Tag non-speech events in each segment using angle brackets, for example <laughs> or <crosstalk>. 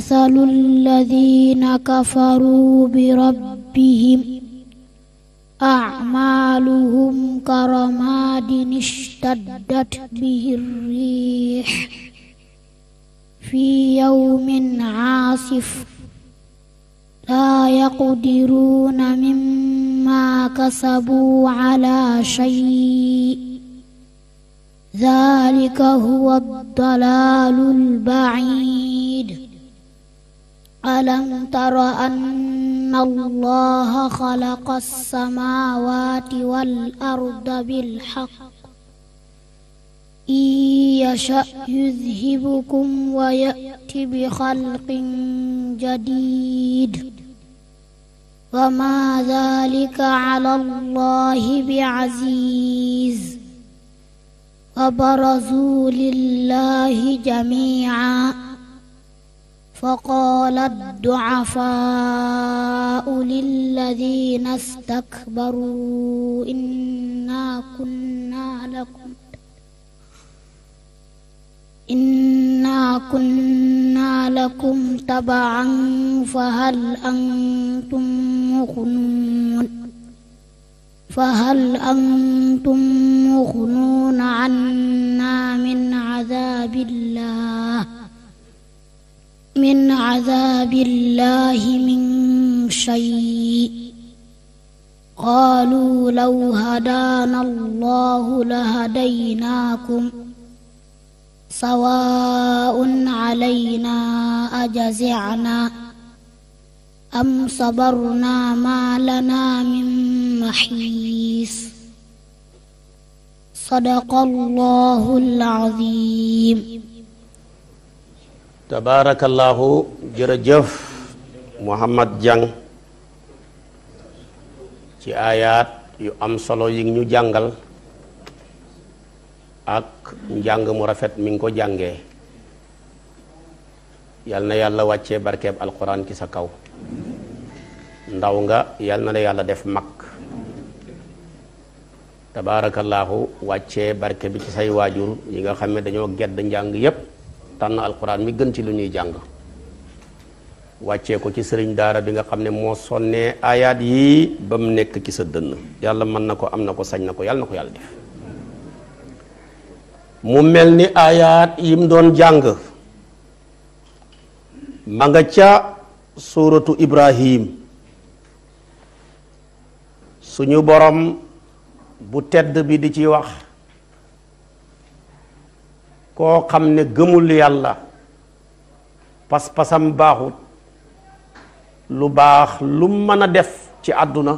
مثل الذين كفروا بربهم أعمالهم كرماد اشتدت به الريح في يوم عاصف لا يقدرون مما كسبوا على شيء ذلك هو الضلال البعيد ألم تر أن الله خلق السماوات والأرض بالحق إن يشأ يذهبكم ويأت بخلق جديد وما ذلك على الله بعزيز وبرزوا لله جميعا فقال الضعفاء للذين استكبروا إنا كنا لكم إنا كنا لكم تبعا فهل أنتم مغنون فهل أنتم مغنون عنا من عذاب الله من عذاب الله من شيء قالوا لو هدانا الله لهديناكم سواء علينا أجزعنا أم صبرنا ما لنا من محيص صدق الله العظيم tabaarakallaahu jërëjëf Muhammad Jang ci aayaat yu am solo yi ñu jàngal ak njàng mu rafet mi ngi ko jàngee yal na yàlla wàccee barkeeb alquran ci sa kaw ndaw nga yal na la yàlla def mag tabaarakallaahu wàccee barke bi ci say waajur yi nga xam ne dañoo gedd njàng yépp tànn alquran mi gën ci lu ñuy jàng wàccee ko ci sëriñ daara bi nga xam ne moo sonnee ayaat yi ba mu nekk ci sa dënn yàlla mën na ko am na ko sañ na ko yàlla na ko yàlla def mu mel ni ayaat yim doon jàng ma nga ca suuratu ibrahim suñu borom bu tedd bi di ci wax koo xam ne gëmul yàlla pas-pasam baaxut lu baax lu mën a def ci àdduna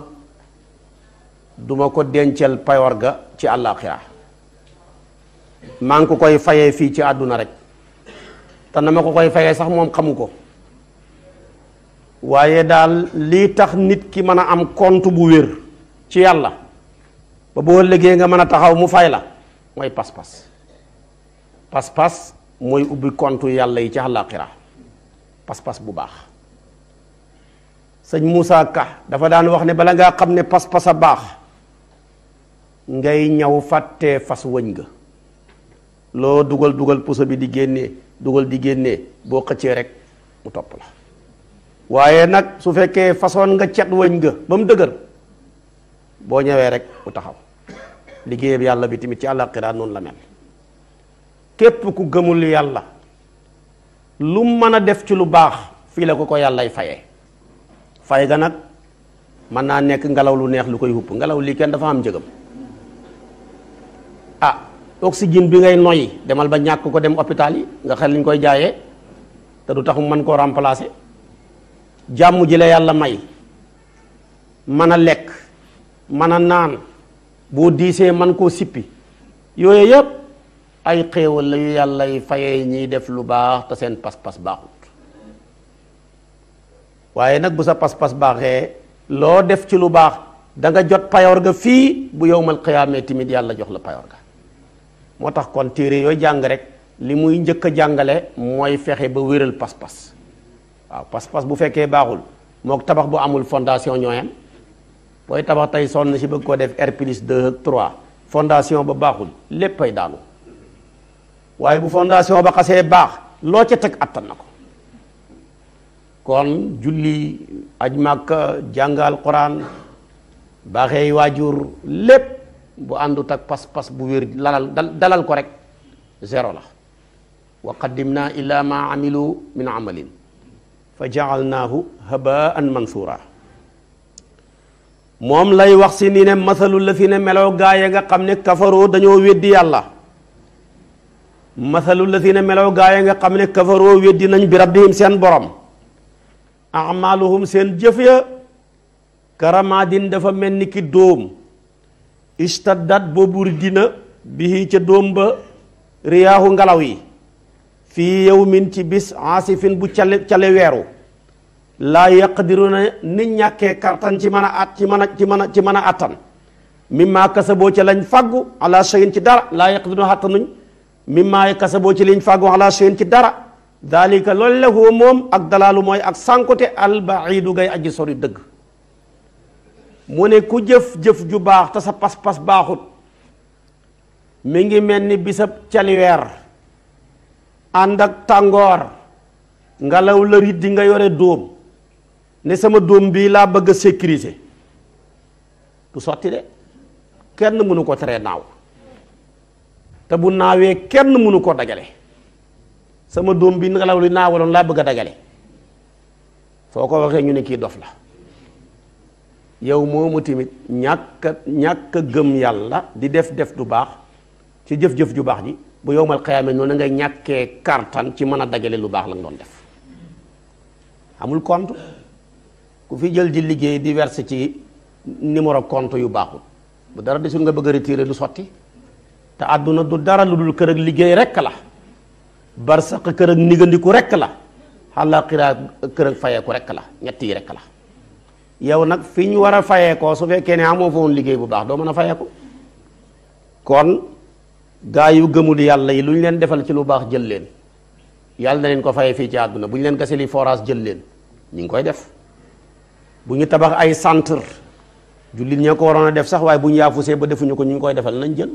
duma ko dencal payoor ga ci àllaaxira maa ngi ko koy fayee fii ci àdduna rek te na ma ko koy fayee sax moom xamu ko waaye daal lii tax nit ki mën a am kont bu wér ci yàlla ba boo ëllëgee nga mën a taxaw mu fay la mooy pas-pas pas-pas mooy ubbi kontu yàlla yi ci àllaaxira pas-pas bu baax sëñ Moussa Ka dafa daan wax ne bala ngaa xam ne pas-pas a baax ngay ñaw fàttee fas wëñ ga loo dugal dugal puso bi di génnee dugal di génnee boo xëccee rek mu topp la waaye nag su fekkee façon nga cet wëñ nga ba mu dëgër boo ñëwee rek mu taxaw liggéeyam yàlla bi tamit ci àllaaxira noonu la mel képp ku gëmul yàlla lu mën a def ci lu baax fii la ko ko yàllay faye fay ga nag mën naa nekk ngelaw lu neex lu koy hupp ngelaw lii kenn dafa am njëgam ah oxygène bi ngay noyyi demal ba ñàkk ko dem hôpital yi nga xel liñ koy jaaye te du tax mu mën koo remplacer jàmm ji la yàlla may mën a lekk mën a naan boo diisee mën koo sippi yooyu yëpp ay xéewal la yu yàlla yi fayee def lu baax te seen pas-pas baaxut waaye nag bu sa pas-pas baaxee loo def ci lu baax da nga jot payoor ga fii bu yowmal xiyaamee timit yàlla jox la payoor ga moo tax kon téere yooyu jàng rek li muy njëkk a jàngale mooy fexe ba wéral pas-pas waaw pas-pas bu fekkee baaxul mook tabax bu amul fondation ñooyam booy tabax tey sonn si bëgg koo def R plus 2 ak 3 fondation ba baaxul lépp ay daanu waaye bu fondation ba xasee baax loo ca teg attan na ko kon julli aj màkka jàngal quran baaxee waajur lépp bu àndut ak pas-pas bu wér lalal dalal ko rek zéro la wa qaddimna ila ma amilu min amalin fa jaalnaahu habaan mansura moom lay wax si ne masalu la si ne meloo gaay nga xam ne kafaroo dañoo weddi yàlla masalu lazina melaw gaa yi nga xam ne kafaroo weddi birab bi rabbihim seen borom amaluhum seen jëf ya karamadin dafa mel ni ki dóom istaddat boobu dina bihi ca dóom ba riyaahu ngelaw yi fii yawmin ci bis asifin bu cale cale weeru laa yaqdiruna ni ñàkkee kartan ci mën a at ci mën a ci mën a ci mën a attan mimma kasaboo ca lañ fàggu ala shay'in ci dara laa yàq yaqdiruna xattanuñ mimmaa yakasaboo ci liñ fàggu alaa shay'in ci dara dalika loolu la moom ak dalaalu mooy ak sànkute albaidu gay aji sori dëgg mu ne ku jëf-jëf ju baax te sa pas-pas baaxut mi ngi mel ni bisab caniweer ànd ak tàngoor ngelaw la rit nga yore dóom ne sama dóom bii laa bëgg a sécuriser du sotti de kenn mënu ko teree naaw te bu naawee kenn mënu koo dajale sama doom bi law li naawaloon laa bëgg a dajale soo ko waxee ñu ne kii dof la yow moomu tamit ñàkk ñàkk gëm yàlla di def def du baax ci jëf-jëf ju baax ji bu yowmal xiyaame noonu ngay ñàkkee kartan ci mën a dajale lu baax la nga doon def amul compte ku fi jël di liggéey di verse ci numéro compte yu baaxul bu dara desul nga bëgg a lu sotti te àdduna du dara lu dul kër ak liggéey rekk la barsaq kër ak nigandiku rekk la àllaaxira kër ak fayeeku rekk la ñetti yi rekk la yow nag fi ñu war a fayeekoo su fekkee ne amoo foon liggéey bu baax doo mën a fayeeku kon gaa yu gëmul yàlla yi lu ñu leen defal ci lu baax jël leen yàlla na leen ko fayee fii ci àdduna bu ñu leen gaseli forage jël leen ñu ngi koy def bu ñu tabax ay centre jullit ñoo ko waroon a def sax waaye bu ñu yaafusee ba defuñu ko ñu ngi koy defal nañ jël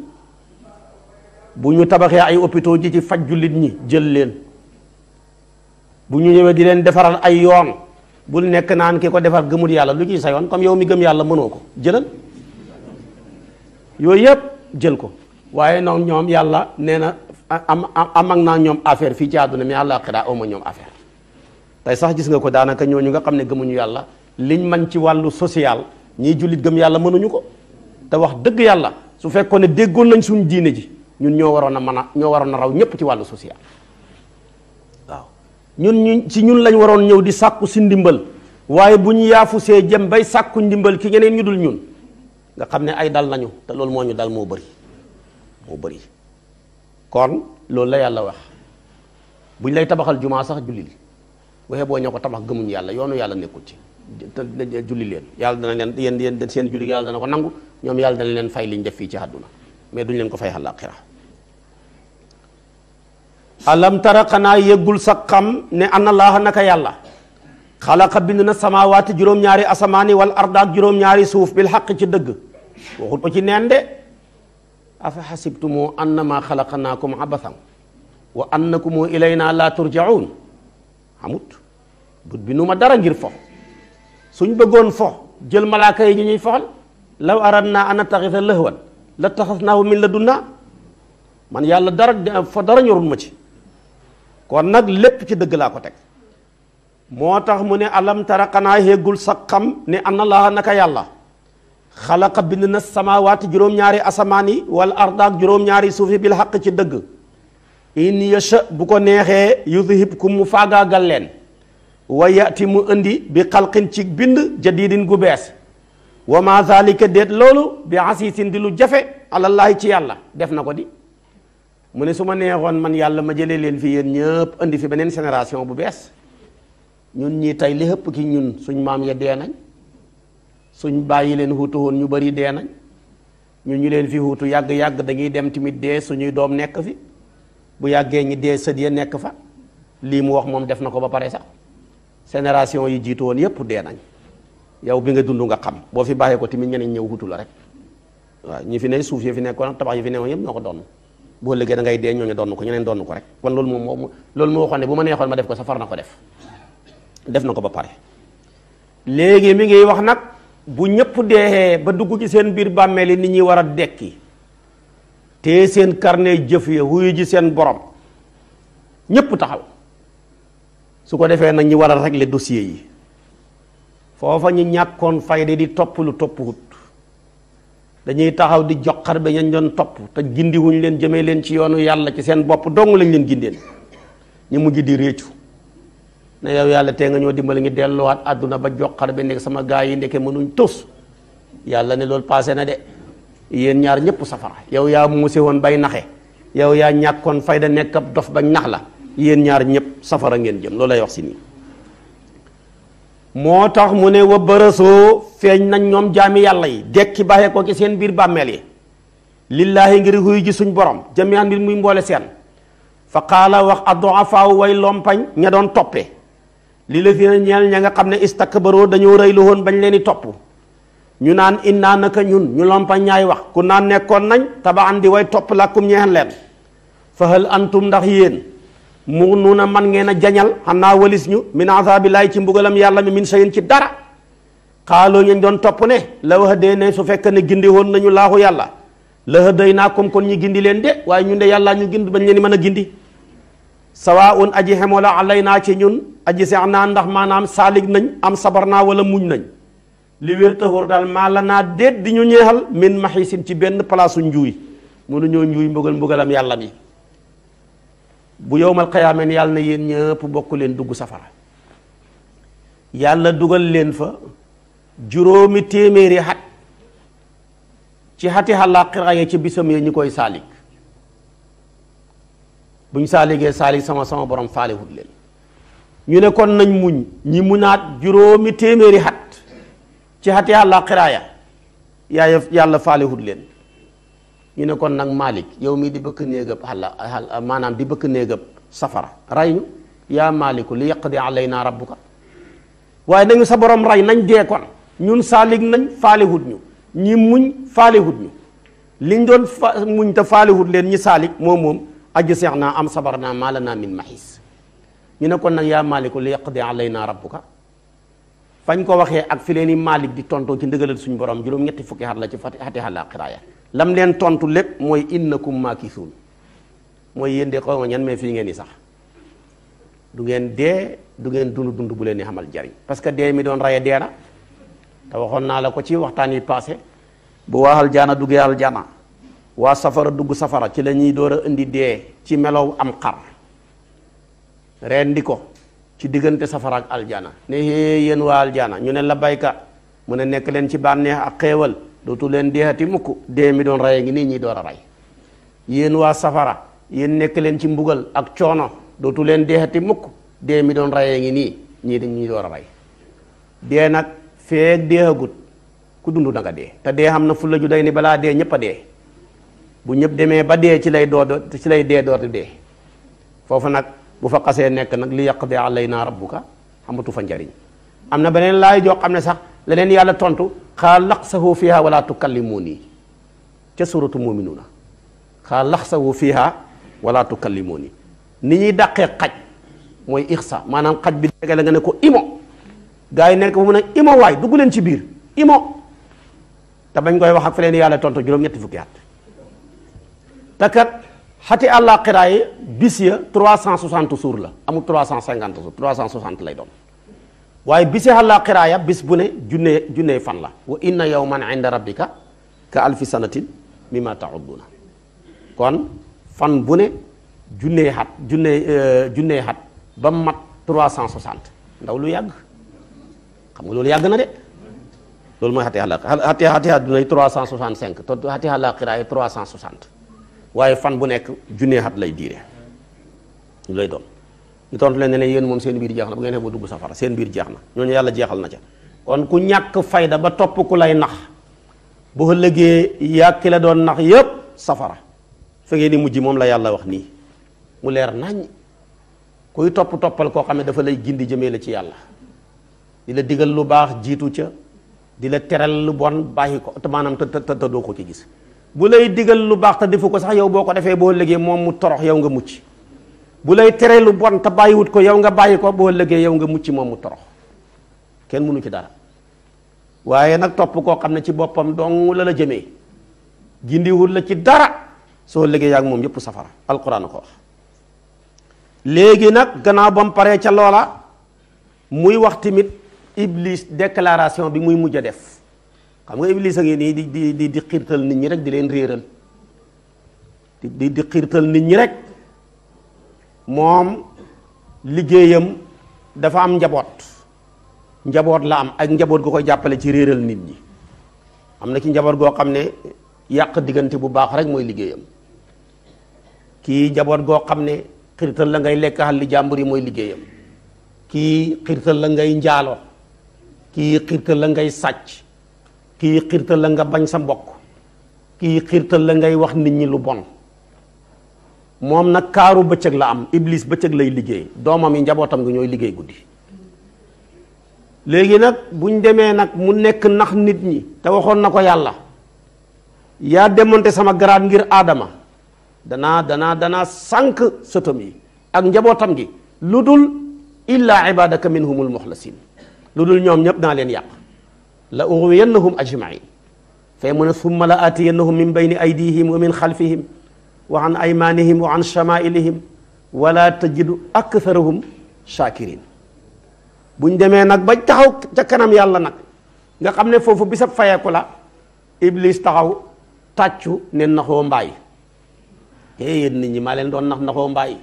bu ñu tabaxee ay hôpitaux ji ci faj jullit ñi jël leen bu ñu ñëwee di leen defaral ay yoon bul nekk naan kee ko defar gëmut yàlla lu ciy sa yoon comme yow mi gëm yàlla mënoo ko jëlal yooyu yëpp jël ko waaye noonu ñoom yàlla nee na am am ak naa ñoom affaire fii ci àdduna mais àllaaxira awma ñoom affaire tey sax gis nga ko daanaka ñooñu nga xam ne gëmuñu yàlla liñ man ci wàllu social ñiy jullit gëm yàlla mënuñu ko te wax dëgg yàlla su fekkoon ne déggoon nañ suñu diine ji ñun ñoo waroon na mën a ñoo waroon na raw ñëpp ci wàllu social waaw ñun ñu ci ñun lañ waroon ñëw di sàkku si ndimbal waaye bu ñu yaafusee jëm bay sàkku ndimbal ki ñeneen ñu dul ñun nga xam ne ay dal nañu te loolu moo ñu dal moo bëri moo bëri kon loolu la yàlla wax buñ lay tabaxal jumaa sax jullil waxee boo ñoo ko tabax gëmuñ yàlla yoonu yàlla nekkul ci te julli leen yàlla dana leen yéen yéen seen julli yàlla dana ko nangu ñoom yàlla dana leen fay liñ def fii ci àdduna mais duñ leen ko fay àllaaxira alam tara xanaa yëggul sa xam ne ana laaha naka yàlla xalaqa bind na samaawaati juróom-ñaari asamaani wal arda ak juróom-ñaari suuf bil xaq ci dëgg waxut ko ci neen de afa xasibtumu annama xalaqnaakum abathan wa annakumu ilayna la turjaun amut but bi nu ma dara ngir fo suñ bëggoon fo jël malaaka yi ñu ñuy foxal law aradna an attaxida lahwan la taxas naahu min la dunnaa man yàlla dara fa dara ñorul ma ci kon nag lépp ci dëgg laa ko teg moo tax mu ne alam tara xanaa xéggul sa xam ne anna laaha naka yàlla xalaqa bind na samaawaati juróom-ñaari asamaan yi wala ardaak juróom-ñaari suufi bil xaq ci dëgg in yasha bu ko neexee yudhibkum mu faagaagal leen wa yati mu indi bi xalqin ci bind jadiidin gu bees wa ma zalika déet loolu bi asisin di lu jafe alallaahi ci yàlla def na ko di mu ne su ma neexoon man yàlla ma jëlee leen fii yéen ñëpp indi fi beneen génération bu bees ñun ñii tey li ëpp ki ñun suñ maam ya dee nañ suñ bàyyi leen xuutu woon ñu bari dee nañ ñun ñu leen fi xuutu yàgg-yàgg dañuy dem tamit dee suñuy doom nekk fi bu yàggee ñi dee sët ya nekk fa lii mu wax moom def na ko ba pare sax génération yi jiitu woon yëpp dee nañ yow bi nga dund nga xam boo fi bàyyee ko tamit ñeneen ñëw wutu la rek waaw ñi fi ne suuf yi fi nekkoon tabax yi fi ne woon yëpp ñoo ko doon boo liggéey da ngay dee ñooñu doon ko ñeneen doon ko rek kon loolu moom moom loolu moo waxoon ne bu ma neexoon ma def ko sa na ko def def na ko ba pare léegi mi ngi wax nag bu ñëpp dee ba dugg ci seen biir bàmmeel yi nit ñi war a dekki te seen carnet jëf ya wuyu ji seen borom ñëpp taxaw su ko defee nag ñi war a régler dossier yi foofa ñu ñàkkoon fayda di topp lu toppuwut dañuy taxaw di joxar ba ñañ doon topp te gindiwuñ leen jëmee leen ci yoonu yàlla ci seen bopp dong lañ leen gindeen ñu mujj di réccu ne yow yàlla tee nga ñoo dimbali ngi delluwaat àdduna ba joxar bi nekk sama gaa yi ndeke mënuñ tos yàlla ne loolu passé na de yéen ñaar ñëpp safara yow yaa muuse woon bay naxe yow yaa ñàkkoon fayda nekk ab dof bañ nax la yéen ñaar ñëpp safara ngeen jëm loolu lay wax si nii moo tax mu ne wa bërësoo feeñ nañ ñoom jaami yàlla yi dekki baaxee ko ci seen biir bàmmeel yi lillaahi ngir huyu ji suñ borom jamian mbir muy mboole seen fa qaala wax addoafaaw way lompañ ña doon toppe li la fi ñeel ña nga xam ne istakbaroo dañoo rëy lu woon bañ leen di topp ñu naan innaa naka ñun ñu lompañ ñaay wax ku naan nekkoon nañ tabaan di woy topp làkkum ñeexen leen fahal antum ndax yéen mu muxnuuna man ngeen a jañal xanaa walis ñu min azabillahi ci mbugalam yàlla mi min sayin ci dara xaaloo ñañ doon topp ne la wax dee ne su fekk ne gindi woon nañu laaxu yàlla la day naa kom kon ñu gindi leen de waaye ñun de yàllaa ñu gind bañ leen mën a gindi sawaun aji xemoo la alay naa ci ñun aji seex naa ndax maanaam saalig nañ am sabar naa wala muñ nañ li wér taxóor daal maa la naa déet di ñu ñeexal min maxisin ci benn palaasu njuuy mënu ñoo njuuy mbugal mbugalam yàlla mi bu yowmal qiyaama ne yàlla na yéen ñëpp bokk leen dugg safara yàlla dugal leen fa juróomi téeméeri xat ci xati àllaaxira ya ci bisam ya ñi koy saalik buñ saaligee saalik sama sama borom faalewut leen ñu ne kon nañ muñ ñi munaat juróomi téeméeri xat ci xati àllaaxira ya yàlla faalewut leen ñu ne kon nag Malik yow mii di bëkk néegab xala maanaam di bëkk néegam safara ray ñu yaa Maliku li yaqdi alayna rabbuka waaye nañu sa borom ray nañ dee kon ñun saalik nañ faalihut ñu ñi muñ faalihut ñu liñ doon muñ te faalihut leen ñi saalik moom moom aji seex naa am sabar naa la naa min maxis ñu ne kon nag yaa Maliku li yaqdi alayna rabbuka fañ ko waxee ak fi leen i Malik di tontoo ci ndëgalal suñu borom juróom-ñetti fukki xat la ci lam leen tontu lépp mooy innakum maakisuun mooy yéen de xaw ma ñan mais fii ngeen di sax du ngeen dee du ngeen dund dund bu leen di xamal jariñ parce que dee mi doon raye dee na te waxoon naa la ko ci waxtaan yi passé bu waa aljaana duggee aljaana waa safara dugg safara ci lañuy ñuy door a indi dee ci melow am xar rendi ko ci diggante safara ak aljaana ne yéen waa aljaana ñu ne la bayka mu ne nekk leen ci bànneex ak xéewal dootu leen deexati mukk dee mi doon rey ngi nii ñi door a rey yéen waa safara yéen nekk leen ci mbugal ak coono dootu leen deexati mukk dee mi doon reyee ngi nii ñii dañ ñuy door a rey dee nag feeg deexagut ku dund na nga dee te dee xam na fu la ju day ni balaa dee ñëpp a dee bu ñëpp demee ba dee ci lay door ci lay dee door di dee foofu nag bu fa xasee nekk nag li yàq dee alay naa rabbuka xamatu fa njariñ am na beneen laay joo xam ne sax leneen tontu xaa laxsahu fiha wala tukallimuuni ca suratu muminuuna xaa laxsahu fiha wala tukallimuuni ni ñuy dàqee xaj mooy ixsa maanaam xaj bi dégg la nga ne ko imo gars yi nekk ba mu ne imo waay dugg leen ci biir imo te bañ koy wax ak fa leen yàlla tontu juróom-ñetti fukki at te kat xati àllaaxira yi bis ya 360 suur la amul 350 cent 360 lay doon waaye bisi àllaaxira ya bis bu ne junne junne fan la wa inna yawman inda rabbika ka alfi sanatin mimma ta'udduna kon fan bu ne junne xat junne eh, junne xat ba mat 360 ndaw lu yàgg xam nga loolu yàgg na de loolu mooy xati àllaaxira xati xati àdduna yi 365 te xati àllaaxira yi 360 waaye fan bu nekk junne xat lay diire lu lay doon ñu tontu leen ne leen moom seen biir jeex na bu ngeen xeeboo dugg safara seen biir jeex na ñooñu yàlla jeexal na ca kon ku ñàkk fayda ba topp ku lay nax bu ëllëgee yàkki la doon nax yépp safara fe ngeen di mujj moom la yàlla wax nii mu leer nañ kuy topp toppal koo xam ne dafa lay gindi jëmee la ci yàlla di la digal lu baax jiitu ca di la teral lu bon bàyyi ko te maanaam te te te doo ko ci gis bu lay digal lu baax te defu ko sax yow boo ko defee boo ëllëgee moom mu torox yow nga mucc bu lay teree lu bon te bàyyiwut ko yow nga bàyyi ko boo lëggee yow nga mucci moom mu torox kenn mënu ci dara waaye nag topp koo xam ne ci boppam dong la la jëmee gindiwul la ci dara soo lëggee yaa ak moom yëpp safara alquran ko wax léegi nag gannaaw ba mu paree ca loola muy wax tamit iblis declaration bi muy mujj a def xam nga iblis a ngi nii di di di di xiirtal nit ñi rek di leen réeral di di di xiirtal nit ñi rek moom liggéeyam dafa am njaboot njaboot la am ak njaboot gu koy jàppale ci réeral nit ñi am na ci njaboot goo xam ne yàq diggante bu baax rek mooy liggéeyam kii njaboot goo xam ne xirtal la ngay lekk xalli jàmbur yi mooy liggéeyam kii xirtal la ngay njaalo kii xirtal la ngay sàcc kii xirtal la nga bañ sa mbokk kii xirtal la ngay wax nit ñi lu bon moom nag kaaru bëccëg la am iblis bëccëg lay liggéey doomam yi njabootam gi ñooy liggéey guddi léegi nag buñ demee nag mu nekk nax nit ñi te waxoon na ko yàlla yaa démonté sama garaat ngir aadama danaa danaa danaa sànq sëtam yi ak njabootam gi lu dul illaa ibadaka minhumul muxlasin lu dul ñoom ñëpp naa leen yàq la uxwiyannahum ajmain fee mu ne summa la aatiyannahum min bayni aydihim wa min xalfihim wa an aymanihim wa an shamailihim wala tajidu aktharahum shakirin buñ demee nag ba taxaw ca kanam yàlla nag nga xam ne foofu bisab fayeeku la iblis taxaw tàccu ne naxoo mbaay hey yéen nit ñi maa leen doon nax naxoo mbaay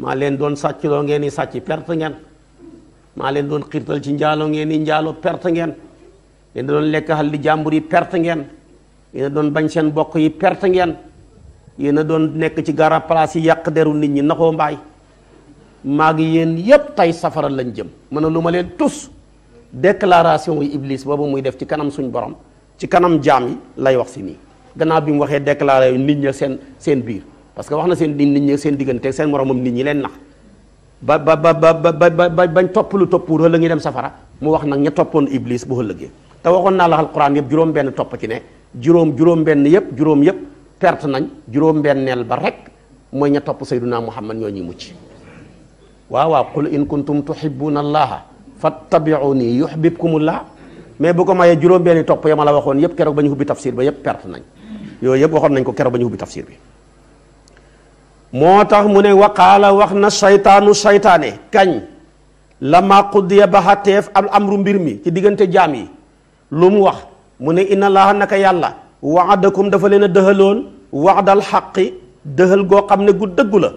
maa leen doon sàccloo ngeen i sàcc perte ngeen maa leen doon xirtal ci njaalo ngeen i njaalo perte ngeen leen doon lekk xal di jàmbur yi perte ngeen yéen a doon bañ seen bokk yi perte ngeen yéen a doon nekk ci gara place yi yàq deru nit ñi naxoo mbaay maa ngi yéen yépp tey safara lañ jëm mën na lu ma leen tus déclaration yu iblis boobu muy def ci kanam suñ borom ci kanam jaam yi lay wax si nii gannaar bi mu waxee déclaré nit ña seen seen biir parce que wax na seen nit ñi seen diggante seen moromam nit ñi leen nax ba ba ba ba bañ topp lu topp hëllëg ngi dem safara mu wax nag ña toppoon iblis bu hëllëgee te waxoon naa la alquran yëpp topp ci ne juróom juróom-benn yëpp juróom yëpp perte nañ juróom-benneel ba rek mooy ña topp sayduna muhammad ñoo ñuy mucc waaw waaw qul in kuntum tuhibbuna allaha fattabi'uni yuhbibkumullah mais bu ko mayee juróom-benni topp ya ma la waxoon yëpp keroog ba ñu hubbi tafsir ba yëpp perte nañ yooyu yëpp waxoon nañ ko keroog ba ñu hubbi tafsir bi moo tax mu ne waqaala wax na saytaanu saytaane kañ lama qudiya ba xateef al amru mbir mi ci diggante jaam yi lu mu wax mu ne inna laaha naka yàlla waadakum dafa leen a wax dal xaqi dëhal goo xam ne gu dëggu la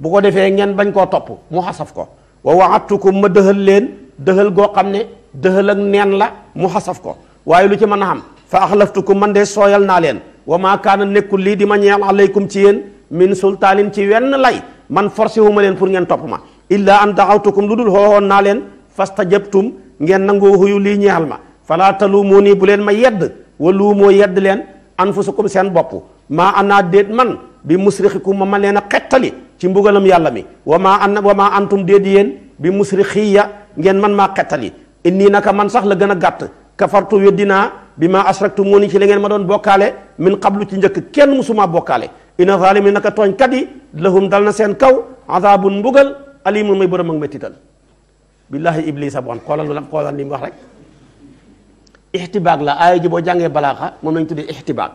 bu ko defee ngeen bañ koo topp mu xasaf ko wa waadtukum ma dëhal leen dëhal goo xam ne dëhal ak neen la mu xasaf ko waaye lu ci mën a xam fa axlaftukum man dee sooyal naa leen wa maa kaana nekkul lii di ma ñeel alaykum ci yéen min sultaanin ci wenn lay man forcé wu leen pour ngeen topp ma illaa an daxawtukum lu dul xooxoon naa leen fastajabtum ngeen nangoo huyu lii ñeexal ma falaa taluumoo nii bu leen ma yedd wa luumoo yedd leen anfusakum seen bopp maa anaa déet man bi musrixikum ma man leen a xettali ci mbugalam yàlla mi wa maa an wa maa antum déet yéen bi musrixiya ngeen man maa xettali inni naka man sax la gën a gàtt kafartu weddinaa bi maa asraktumuni ci la ngeen ma doon bokkaale min qablu ci njëkk kenn musuma bokkaale ina zaalimi naka tooñkat yi lahum dal na seen kaw azabun mbugal alimun may borom ak méttital billahi iblisa bon xoolal xoolal li mu wax rek ixtibaag la aaya ji boo jàngee balaaxa moom lañ tuddee ixtibaag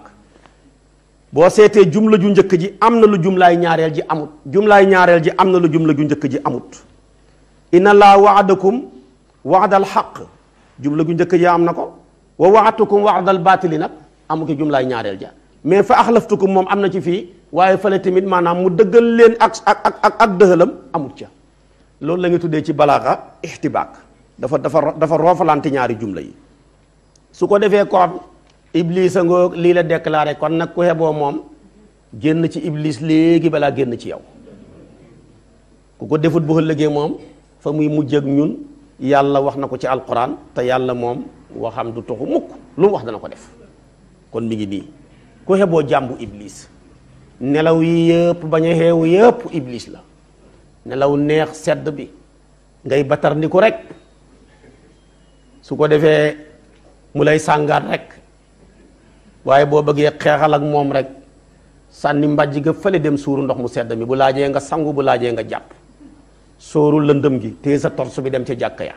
boo seetee jumla ju njëkk ji am na lu jumlaay ñaareel ji amut jumlaay ñaareel ji am na lu jumla ju njëkk ji amut laa waadakum waadal xaq jumla ju njëkk ji am na ko wa waatukum waadal baatili nag amu ko jumlaay ñaareel ja mais fa axlaftukum moom am na ci fii waaye fale tamit maanaam mu dëggal leen ak ak ak ak ak dëxalam amut ca loolu lañu tuddee ci balaaxa ixtibaag dafa dafa dafa roofalaante ñaari jumla yi su ko defee koob iblis ngoog lii la déclaré kon nag ku heboo moom génn ci iblis léegi balaa génn ci yow ku ko defut bu ëllëgee moom fa muy mujj ak ñun yàlla wax na ko ci alxuraan te yàlla moom xam du toxu mukk lu wax dana ko def kon mi ngi nii ku heboo jàmbu iblis nelaw yi yëpp bañ a xeewu yëpp iblis la nelaw neex sedd bi ngay batar ni ko rek su ko defee mu lay sàngaat rek waaye boo bëggee xeexal ak moom rek sànni mbàjj ga fële dem suuru ndox mu sedd mi bu laajee nga sangu bu laajee nga jàpp sóoru lëndëm gi téye sa torsu bi dem ca jàkka ya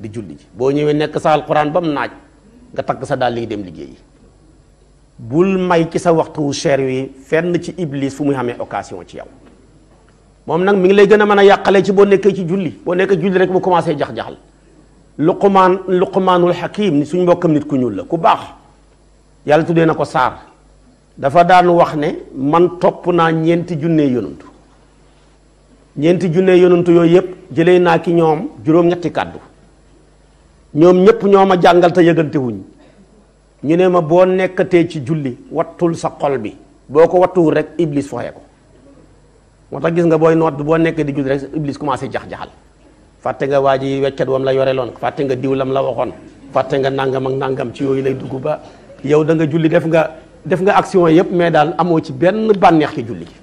di julli ji boo ñëwee nekk sa alxuraan ba mu naaj nga takk sa dàll yi dem liggéeyi bul may ci sa waxtu wu cher wi fenn ci iblis fu muy xamee occasion ci yow moom nag mi ngi lay gën a mën a yàqale ci boo nekkee ci julli boo nekkee julli rek mu commencé jax-jaxal luqumaan luqumaanul xakim ni suñ mbokkam nit ku ñuul la ku baax yàlla tuddee na ko saar dafa daan wax ne man topp naa ñeenti junnee yonantu ñeenti junnee yonantu yooyu yëpp jëlee naa ki ñoom juróom-ñetti kàddu ñoom ñëpp ñoo ma jàngalte te ñu ne ma boo nekkatee ci julli wattul sa xol bi boo ko wattuwul rek iblis foxee ko moo tax gis nga booy noot boo nekkee di julli rek iblis commencé jax-jaxal fàtte nga waa ji weccat wam la yoreloon fàtte nga diw lam la waxoon fàtte nga nangam ak nangam ci yooyu lay dugg ba yow da nga julli def nga def nga action yépp mais daal amoo ci benn bànneex ci julli gi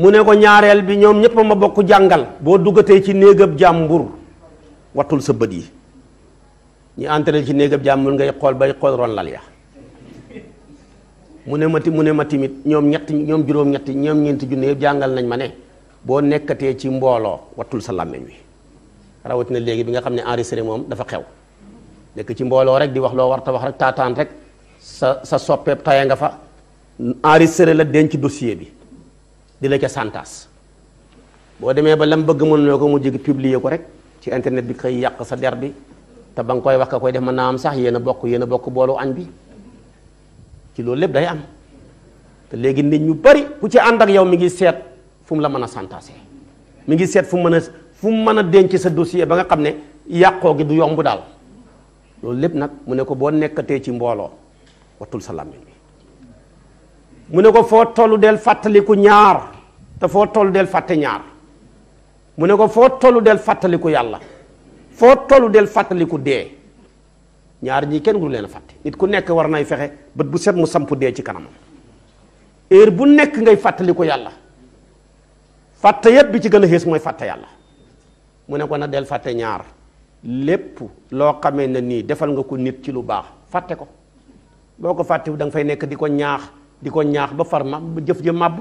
mu ne ko ñaareel bi ñoom ñëpp ma bokk jàngal boo duggatee ci néegab jàmbur wattul sa bët yi ñu entré ci néegab jàmbur ngay xool bay xool ron mu ne ma mu ne ma timit ñoom ñetti ñoom juróom-ñetti ñoom ñeenti junne yëpp jàngal nañ ma ne boo nekkatee ci mbooloo wattul sa làmmiñ wi rawatina léegi bi nga xam ne enregistré moom dafa xew nekk ci mbooloo rek di wax loo war ta wax rek taataan rek sa sa soppeeb taya nga fa enregistré la denc dossier bi di la ca santas boo demee ba lam bëgg mën noo ko mu jigi publier ko rek ci internet bi koy yàq sa der bi te ba nga koy wax ka koy def mën naa am sax yéen a bokk yéen a bokk boolu añ bi ci loolu lépp day am te léegi nit ñu bari ku ci ànd ak yow mi ngi seet fu mu la mën a santaase mu ngi seet fu mu mën a fu mu mën a denc sa dossier ba nga xam ne yàqoo gi du yomb daal loolu lépp nag mu ne ko boo nekkatee ci mbooloo watul sa làmmiñ bi mu ne ko foo tollu del fàttaliku ñaar te foo tollu del fàtte ñaar mu ne ko foo tollu del fàttaliku yàlla foo tollu del fàttaliku dee ñaar ñii kenn du leen a fàtte nit ku nekk war nay fexe bët bu set mu samp dee ci kanamam heure bu nekk ngay fàttaliku yàlla fàtte yépp bi ci gën a xées mooy fatte yàlla mu ne ko na del fàtte ñaar lépp loo xamee ne nii defal nga ko nit ci lu baax fàtte ko boo ko fàttewu da nga fay nekk di ko ñaax di ko ñaax ba far ma jëf ja màbb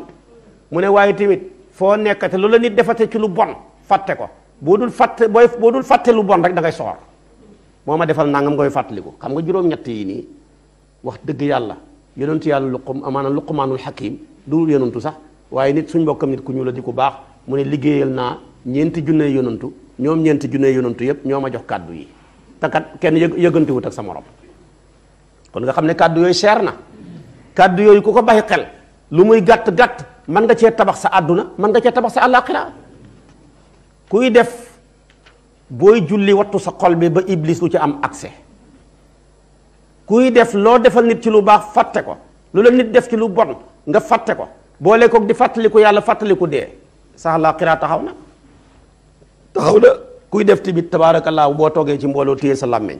mu ne waaye tamit foo nekkate loolu la nit defate ci lu bon fàtte ko boo dul fàtte booy boo dul fàtte lu bon rek da ngay soxor moo ma defal nangam ngay ko xam nga juróom-ñett yi nii wax dëgg yàlla yonentu yàlla luqum amaana luqumaanul hakim du yonentu sax waaye nit suñ mbokkam nit ku ñu la di ku baax mu ne liggéeyal naa ñeenti junne yonantu ñoom ñeenti junne yonantu yëpp ñoo ma jox kàddu yi te kenn yë yëgantewut ak sa moroom kon nga xam ne kàddu yooyu seer na kàddu yooyu ku ko bàyyi xel lu muy gàtt gàtt man nga cee tabax sa àdduna mën nga cee tabax sa àllaaxira kuy def booy julli wattu sa xol bi ba iblis lu ci am accès kuy def loo defal nit ci lu baax fàtte ko lu la nit def ci lu bon nga fàtte ko boole koog di fàttaliku yàlla fàttaliku dee sax laa xiraa taxaw na taxaw na kuy def tamit tabaarakallaahu boo toogee ci mbooloo téye sa làmmeñ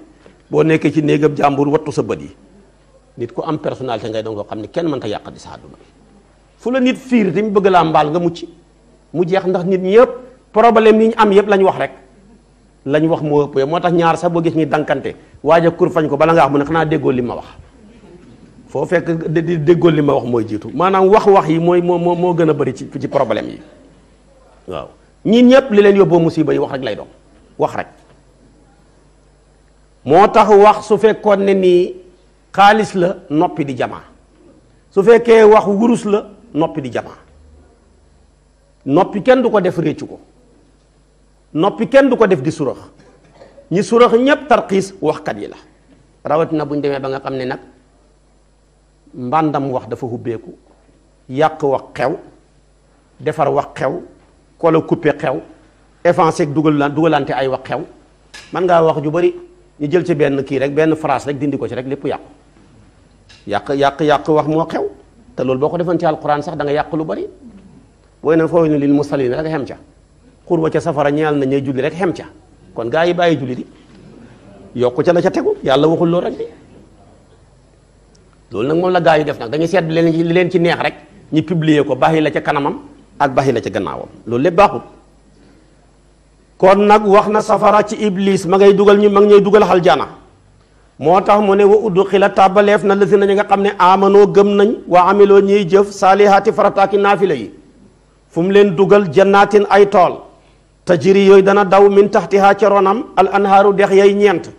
boo nekkee ci néegam jàmbur wattu sa bët yi nit ku am personnalité ngay doon ko xam ne kenn mënta yàq di sa àdduna fu la nit fiir tamit bëgg laa mbaal nga mucc mu jeex ndax nit ñëpp problème yi ñu am yëpp lañ wax rek lañ wax moo ëpp moo tax ñaar sax boo gis ñuy dankante waaj a kur fañ ko bala nga wax mu ne xanaa déggoo li ma wax foo fekk di déggoon li ma wax mooy jiitu maanaam wax-wax yi mooy moo moo gën a bëri ci ci yi waaw ñii ñëpp li leen yóbboo musiba yi wax rek lay doon wax rek moo tax wax su fekkoon ne nii xaalis la noppi di jamaa su fekkee wax wurus la noppi di jamaa noppi kenn du ko def réccu ko noppi kenn du ko def di surax ñi surax ñépp tarxiis waxkat yi la rawatina na buñ demee ba nga xam ne nag mbàndam wax dafa hubbeeku yàq wax xew defar wax xew kola coupé xew évancé dugal dugalante ay wax xew man ngaa wax ju bari ñu jël ci benn kii rek benn phrase rek dindi ko ci rek lépp yàqu yàq yàq yàq wax moo xew te loolu boo ko defoon ci alquran sax da nga yàq lu bari booy na fooy ne lil musallin rek xem ca xurba ca safara ñeel na ñay julli rek xem ca kon gaa yi bàyyi julli di yokku ca la ca tegu yàlla waxul loolu rek di loolu nag moom la gaa yi def nag dañuy seet leen li leen ci neex rek ñu publier ko bàyyi la ca kanamam ak bàyyi la ci gannaawam loolu lépp baaxul kon nag wax na safara ci iblis ma ngay dugal ñu ma ngi ñuy dugal aljana moo tax mu ne wa uddu xila tàbbaleef na lësi na ñi nga xam ne amanoo gëm nañ waa amiloo ñuy jëf saalihaati farataaki naafila yi fu mu leen dugal jannaatin ay tool tajiri yooyu dana daw min ti ca ronam al anhaaru dex yay ñeent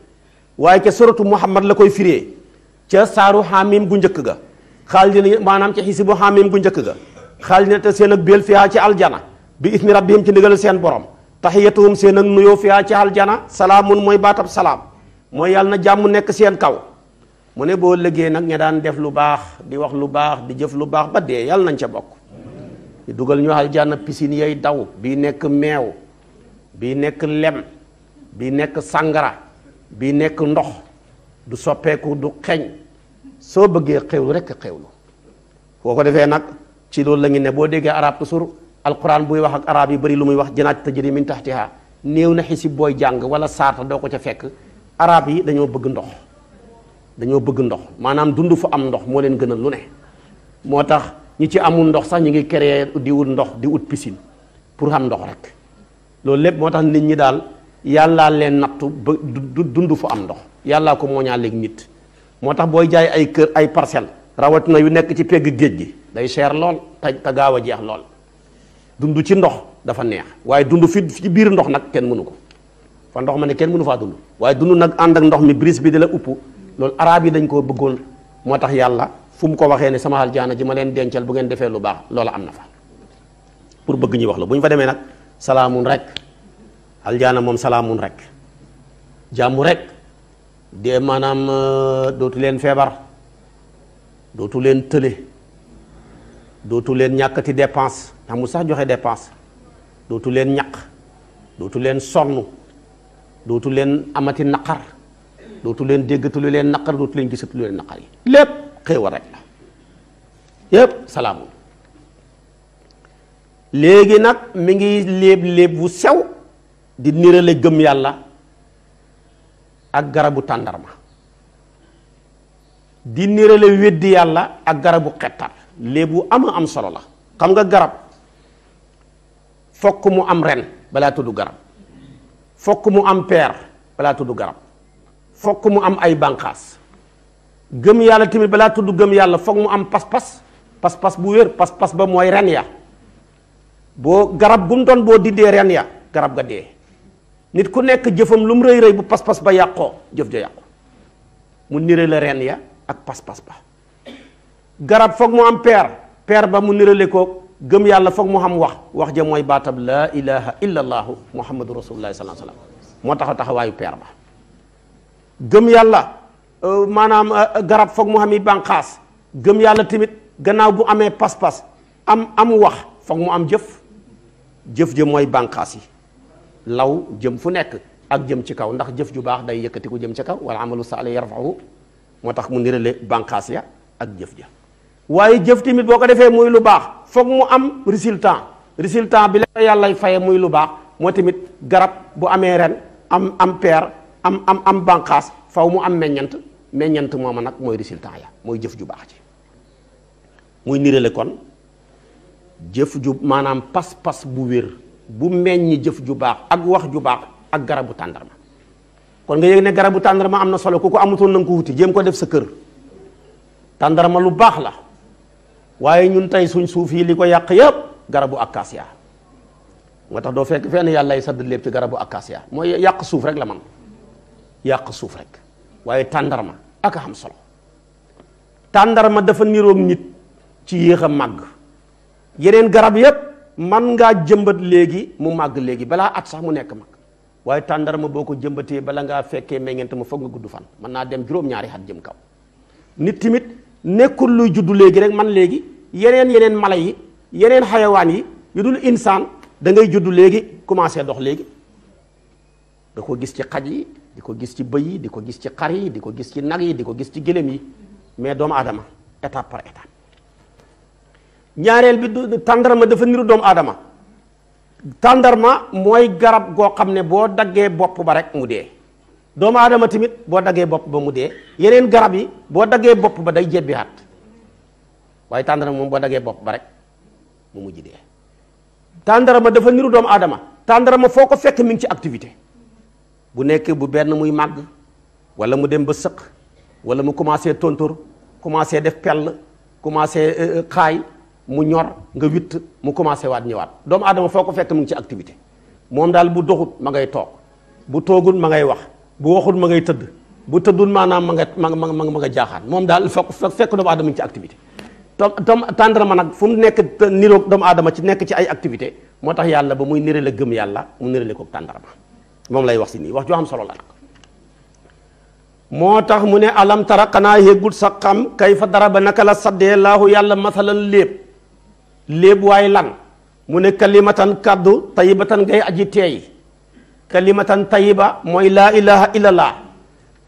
waaye ca suratu muhammad la koy firee ca saaru xaamim gu njëkk ga xaalidina maanaam ca xisibu xaamim gu njëkk ga xaalidina te seen ak fi fiyaa ci aljana bi is rab ismi rabbihim ci ndigal seen borom tax taxiyatuhum seen ak nuyoo fiyaa ci aljana salaamun mooy baatam salaam mooy yàlla na jàmm nekk seen kaw mu ne boo liggéey nag ña daan def lu baax di wax lu baax di jëf lu baax ba dee yàlla nañ ca bokk dugal ñu aljana pisin yay daw bii nekk meew bii nekk lem bii nekk sàngara bii nekk ndox du soppeeku du xeeñ soo bëggee xewlu rek xewlu boo ko defee nag ci loolu la ñu ne boo déggee arab toujours alquran buy wax ak araab yi bari lu muy wax janaat tajri min tahtiha néew na xisib booy jàng wala saata doo ko ca fekk araab yi dañoo bëgg ndox dañoo bëgg ndox maanaam dund fu am ndox moo leen gënal lu ne moo tax ñi ci amul ndox sax ñu ngi créer di wut ndox di wut piscine pour am ndox rek loolu lépp moo tax nit ñi daal yàllaa leen nattu ba dund fu am ndox yàllaa ko mooñaaleeg nit moo tax booy jaay ay kër ay parcelle rawatina yu nekk ci pegg géej gi day cher lool te te gaaw a jeex lool dund ci ndox dafa neex waaye dund fi ci biir ndox nag kenn mënu ko fa ndox ma ne kenn mënu faa dund waaye dund nag ànd ak ndox mi brise bi di la upp loolu araab yi dañ koo bëggoon moo tax yàlla fu mu ko waxee ne sama aljaana ji ma leen denceel bu ngeen defee lu baax loola am na fa pour bëgg ñuy wax la bu ñu fa demee nag salaamun rek aljaana moom salaamun rek jàmm rek dee maanaam euh, dootu leen feebar dootu leen tële dootu leen ñàkkati dépense amul sax joxe dépense dootu leen ñàkk dootu leen sonn dootu leen amati naqar dootu leen déggatu leen naqar dootu leen gisatu lu naqar yi lépp xéewal rek la yépp salaamun léegi nag mu ngi léeb léeb wu sew di nirale gëm yàlla ak garabu tàndarma di nirale weddi yàlla ak garabu xettar léebu ama am solo la xam nga garab fokk mu am ren balaa tudd garab fokk mu am peer balaa tudd garab fokk mu am ay bànqaas gëm yàlla tamit balaa tudd gëm yàlla fokk mu am pas-pas pas-pas bu wér pas-pas ba mooy ren ya boo garab gum doon boo diddee ren ya garab ga dee nit ku nekk jëfam lu mu rëy rëy bu pas-pas ba yàqoo jëf ja yàqu mu nirale reen ya ak pas-pas ba garab foog mu am peer peer ba mu nirale ko gëm yàlla foog mu am wax wax ja mooy baatab laa ilaha illa allaahu muhammadu rasulullahi salaa sallam moo taxaw taxawaayu peer gëm yàlla euh, maanaam euh, euh, garab foog mu am bànqaas gëm yàlla tamit gannaaw bu amee pas-pas am am wax foog mu am jëf jëf ja mooy bànqaas yi law jëm fu nekk ak jëm ci kaw ndax jëf ju baax day yëkkati ko jëm ca kaw wala amalu saalih yarfa'u moo tax mu nirale bànqaas ya ak jëf ja waaye jëf tamit boo ko defee muy lu baax foog mu am résultant résultat bi la yàlla faye muy lu baax moo tamit garab bu amee ren am am peer am am am bànqaas faw mu am meññent meññant mooma nag mooy résultat ya mooy jëf ju baax ji muy nirale kon jëf ju maanaam pas-pas bu wér bu meññ jëf jubaax ak wax jubaax ak garabu tàndarma kon nga yëg ne garabu tàndarma am na solo ku ko amutoon na nga ko wuti jéem ko def sa kër tàndarma lu baax la waaye ñun tey suñ suuf yi li ko yàq yëpp garabu acacia moo tax doo fekk fenn yàlla yi sadd lépp garabu acacia mooy yàq suuf la man yàq suuf rek waaye tàndarma ak a xam solo dafa niroog nit ci yéex a màgg yeneen garab yëpp man ngaa jëmbat léegi mu màgg léegi balaa at sax mu nekk mag waaye tàndarma boo ko jëmbatee bala ngaa fekkee meññeent ma foog nga gudd fan mën naa dem juróom-ñaari at jëm kaw nit tamit nekkul luy juddu léegi rek man léegi yeneen yeneen mala yi yeneen xayawaan yi yu dul insaan da ngay juddu léegi commencé dox léegi nga ko gis ci xaj yi di ko gis ci bëy yi di ko gis ci xar yi di ko gis ci nag yi di ko gis ci gëlëm yi mais doomu aadama étape par étape ñaareel bi du tàndarma dafa niru doomu aadama tàndarma mooy garab goo xam ne boo daggee bopp ba rek mu dee doomu aadama tamit boo daggee bopp ba mu dee yeneen garab yi boo daggee bopp ba day jebbi hat waaye tàndarma moom boo daggee bopp ba rek mu mujj dee tàndarma dafa niru doomu aadama tàndarma foo ko fekk mi ngi ci activité bu nekk bu benn muy màgg walla mu dem ba sëq wala mu commencé tontor commencé def pell commencé euh, euh, xaay mu ñor nga witt mu commencé waat ñëwaat doomu aadama foo ko fekk mu ngi ci activité moom daal bu doxut ma ngay toog bu toogul ma ngay wax bu waxul ma ngay tëdd bu tëddul maanaam ma nga ma ma ma ma nga jaaxaan moom daal foo ko fekk doomu aadama ngi ci activité tom tàndarma nag fu mu nekk niroog doomu aadama ci nekk ci ay activité moo tax yàlla ba muy la gëm yàlla mu nirale ko tàndarma moom lay wax si nii wax joo xam solo la moo tax mu ne alam tara xanaa yéggul sa xam kay fa dara ba naka la saddee laahu yàlla masalan lépp léeb waay lan mu ne kalimatan kaddu tayibatan ngay aji teey kalimatan tayiba mooy la ilaha illallah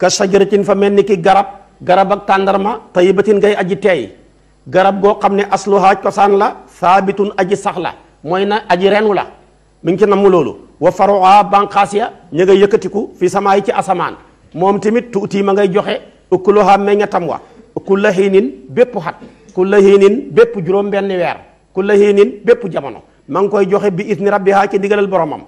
ka sajaratin fa mel ni ki garab garab ak tàndarma tayibatin ngay aji teey garab goo xam ne asluha cosaan la saabitun aji saxla mooy na aji renu la mi ngi ci namm loolu wa faroa banqaas ya ña ngay yëkkatiku fi samaay ci asamaan moom tamit tuuti ma ngay joxe ukkuloha meññatam wa kulla hiinin bépp xat kulla hiinin bépp juróom benn weer kulla hiinin bépp jamono ma ngi koy joxe bi isni rabbiha ci ndigalal boromam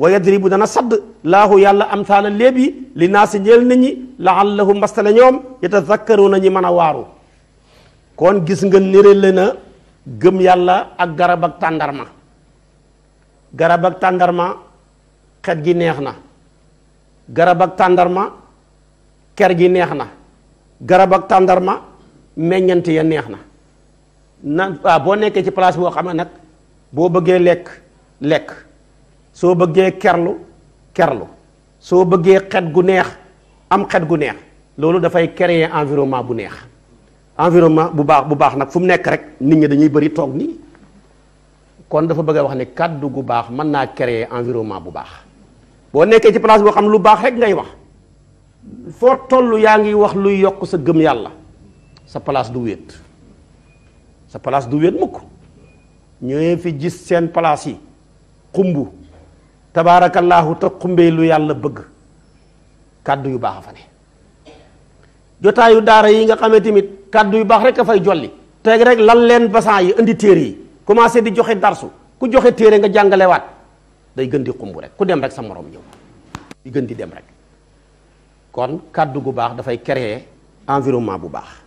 wa yadribu dana sadd laahu yàlla amsaala léeb yi li naa si ñeel nit ñi laallahum mbastale ñoom yatazakkaruuna ñi man a waaru kon gis nga nérele na gëm yàlla ak garab ak tàndarma garab ak tàndarma xet gi neex na garab ak tàndarma ker gi neex na garab ak tàndarma meññant ya neex na naan waaw boo nekkee ci place boo xam ne nag boo bëggee lekk lekk soo bëggee kerlu kerlu soo bëggee xet gu neex am xet gu neex loolu dafay créer environment bu neex environnement bu baax bu baax nag fu mu nekk rek nit ñi dañuy bëri toog nii kon dafa bëgg a wax ne kàddu gu baax mën naa créer environment bu baax boo nekkee ci place boo xam lu baax rek ngay wax foo tollu yaa ngi wax luy yokk sa gëm yàlla sa place du wéet sa place du wéet mukk ñoo fi gis seen place yi xumb tabaarakallaahu te xumbee lu yàlla bëgg kàddu yu baax a fa ne jotaayu daara yi nga xamee tamit kàddu yu baax rek a fay jolli teg rek lan leen basan yi indi téere yi commencé di joxe darsu ku joxe téere nga jàngalewaat day gën di xumb rek ku dem rek sa morom ñëw di gën di dem rek kon kàddu gu baax dafay créer environnement bu baax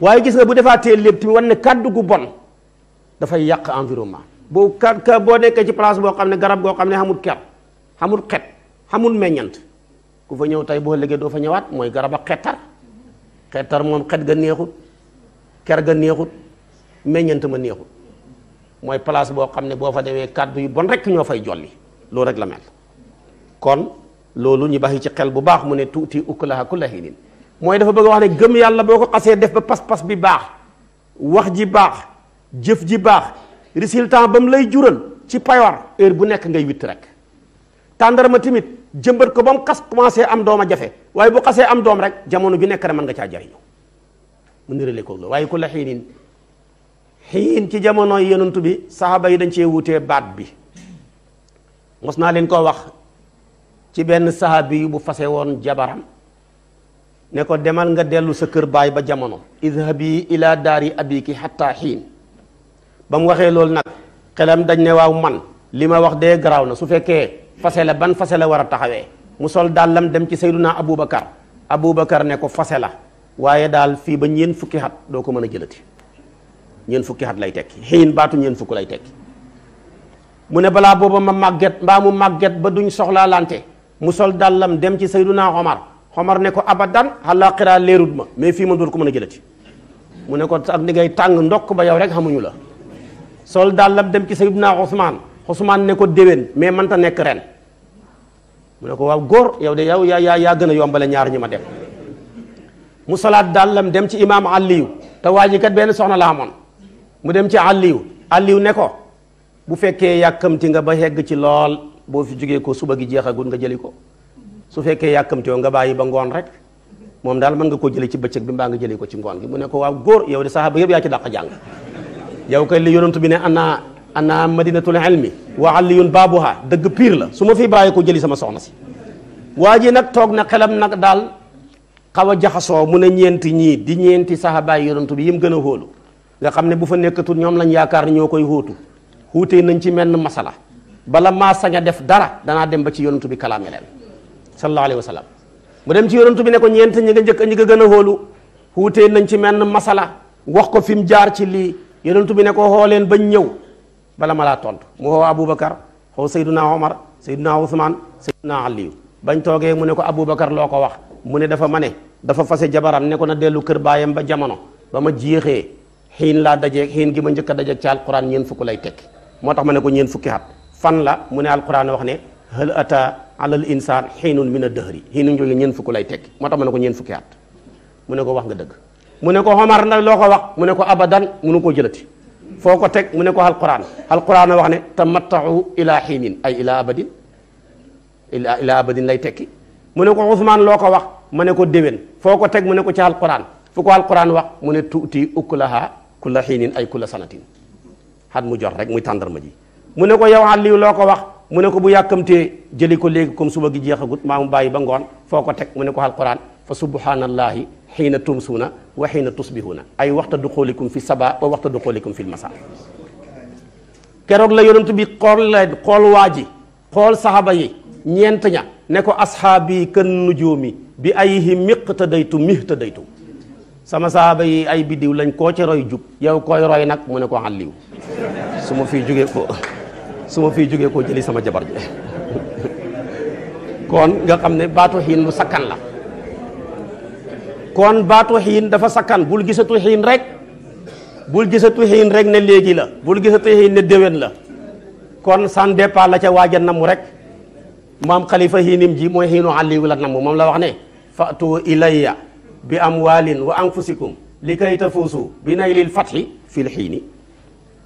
waaye gis nga bu defaatee lépp mu wan ne kàddu gu bon dafay yàq environnement boo ka boo nekkee ci place boo xam ne garab goo xam ne xamul ker xamul xet xamul meññant ku fa ñëw tey boo léegi doo fa ñëwaat mooy garab ak xettar xettar moom xet ga neexut ker ga neexut meññant ma neexut mooy place boo xam ne boo fa demee kàddu yi bon rek ñoo fay jolli loolu rek la mel kon loolu ñu baxi ci xel bu baax mu ne tuuti ukulaha kulla hinin mooy dafa bëgg wax ne gëm yàlla boo ko xasee def ba pas-pas bi baax wax ji baax jëf ji baax résultant ba mu lay jural ci payoor heure bu nekk ngay witt rek ma tamit jëmbët ko ba mu kas commencé am doom a jafe waaye bu xasee am doom rek jamono bi nekk rek mën nga caa jariñu mu nirale ko la waaye ku la xiinin xiin ci jamono yenantu bi saxaaba yi dañ cee wutee baat bi mos naa leen koo wax ci benn saxaabi bu fase woon jabaram ne ko demal nga dellu sa kër baay ba jamono idhabi ila daari abiki hatta xiin ba mu waxee loolu nag xelam dañ ne waaw man li ma wax dee garaaw na su fekkee fase la ban fase la war a taxawee mu sol dàllam dem ci sayduna aboubacar aboubacar ne ko fase la waaye daal fii ba ñeen fukki xat doo ko mën a jëlati ñeen fukki xat lay tekki xiin baatu lay tekki mu ne balaa booba ma màgget mbaa mu màgget ba duñ soxlaalante mu sol dàllam dem ci sayduna omar xomar ne ko abadan àllaaxira leerut ma mais fii ma doon ko mën a jëlati mu ne ko ak ni ngay tàng ndokk ba yaw rek xamuñu la sol daal dem ci Sayyidina Usmaan Usmaan ne ko déwén mais man ta nekk ren mu ne ko waaw góor yow de yow yaa yaa yaa gën a yombale ñaar ñi ma dem mu solaat daal dem ci imaam Aliyu te waa ji kat benn soxna laa amoon mu dem ci àlliw Aliyu ne ko bu fekkee yàkkamti nga ba hegg ci lool boo fi jógee ko suba gi jeexagut nga jëli ko su fekkee yàkkamti woo nga bàyyi ba ngoon rek moom daal mën nga ko jëlee ci bëccëg bi mbaa nga jëlee ko ci ngoon gi mu ne ko waaw góor yow de saxaaba yëpp yaa ci dàq jàng yow kay li yonantu bi ne ana ana madinatul ilmi wa aliyun baabuha dëgg piir la su ma fi bàyyi ko jëli sama soxna si waa ji nag toog na xelam nag daal xaw a jaxasoo mu ne ñeent ñii di ñeenti saxaabaay yonantu bi yim gën a hóolu nga xam ne bu fa nekkatu ñoom lañ yaakaar ñoo koy hóotu xuutee nañ ci menn masala bala maa sañ a def dara danaa dem ba ci yonantu bi kalaame leen sallallahu alayhi wa sallam mu dem ci yonantu bi ne ko ñeent ñi nga njëkk ñi nga gën a xoolu xuutee nañ ci menn masala wax ko fi mu jaar ci lii yonantu bi ne ko leen bañ ñëw bala ma laa tontu mu xoo Aboubacar xoo Seydina Omar Seydina Ousmane Seydina Aliou bañ toogee mu ne ko Aboubacar loo ko wax mu ne dafa ma ne dafa fase jabaram ne ko na dellu kër baayam ba jamono ba ma jéexee xiin laa dajeeg xiin gi ma njëkk a ci alquran ñeen fukk lay tekki moo tax ma ne ko ñeen fukki at fan la mu ne alquran wax ne alal insaan xiinun min a dëhri xiinun jooju ñeen fukk lay tekki moo tax mu ne ko ñeen fukki at mu ne ko wax nga dëgg mu ne ko xomar nag loo ko wax mu ne ko abadan munu koo jëlati foo ko teg mu ne ko alquran alquran a wax ne tamattaxu ila xiinin ay ila abadin ila ila abadin lay tekki mu ne ko Ousmane loo ko wax mu ne ko déwén foo ko teg mu ne ko ci alquran fu ko alquran wax mu ne tuuti ukulaha kulla xiinin ay kulla sanatin xat mu jot rek muy tàndarma ji mu ne ko bu yàkkamtee jëli ko léegi comme suba gi jeexagut maa mu bàyyi ba ngoon foo ko teg mu ne ko alquran fa subhanallahi xiina tumsuuna wa xiina tusbihuuna ay waxta duxoolikum fi saba wa waxta duxoolikum fi lmasa keroog la yonent bi xool leen xool waa ji xool saxaba yi ñeent ña ne ko asxaabi kan nujuumi bi ay ayhi miqtadaytu daytu sama saxaba yi ay biddiw lañ koo ci jug yow koy roy nag mu ne ko xalliw su ma fi jóge ko su ma fiy jógee ko jëli sama jabar ji kon nga xam ne baatu xiin lu sakkan la kon baatu xiin dafa sakkan bul gisatu xiin rek bul gisatu xiin rek ne léegi la bul gisatu xiin ne déwén la kon sans départ la ca waaja namu rek maam xalifa xiinim ji mooy xiinu àlliwu la namu moom la wax ne fatu ilayya bi amwalin wa anfusikum li kay tafuusu bi naylil fathi fil xiini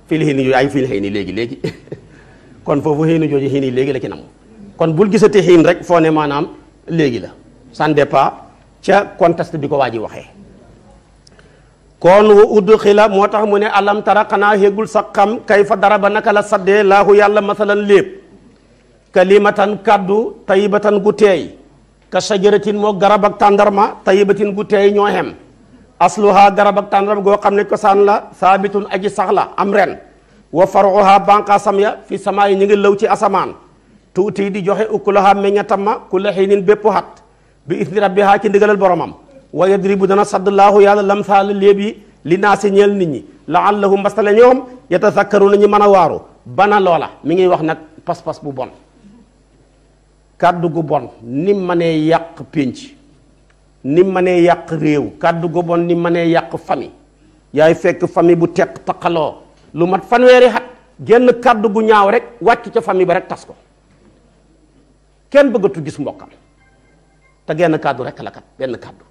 fil xiini yu ay fil xiini léegi léegi <laughs> kon foofu xiinu jooju xiin yi léegi la ci nam kon bul gisati xiin rek foo ne maanaam léegi la ça dépend ca contexte bi ko waa ji waxee kon wa udxila moo tax mu ne alam tara xanaa xéegul sa xam kay fa dara ba naka la saddee laahu yàlla masalan léeb kalimatan kaddu tayibatan gu teey ka sajaratin moo garab ak tàndarma tayibatin gu teey ñoo xem asluha garab ak tàndarma goo xam ne kosaan la saabitun aji sax am ren waa wa faruha banqaasam ya fi samaa yi ñu ngi law ci asamaan tuuti di joxe ukulaha meññatam ma ku la xiinin bépp xat bi isni rabbiha ci ndigalal boromam wa yadribu dana sadd saddlaahu yàlla lamsaala léeb yi li naa si ñeel nit ñi la laallahum mbastale ñoom yatazakkaru nañu mën a waaru bana loola mi ngi wax nag pas-pas bu bon kàddu gu bon ni ma nee yàq pénc ni ma nee yàq réew kàddu gu bon ni ma nee yàq famille yaay fekk famille bu teq taqaloo lu mat fanweeri xat genn kàddu gu ñaaw rek wàcc ca famille ba rek tas ko kenn bëggatu gis mbokkam te genn kàddu rek la benn kàddu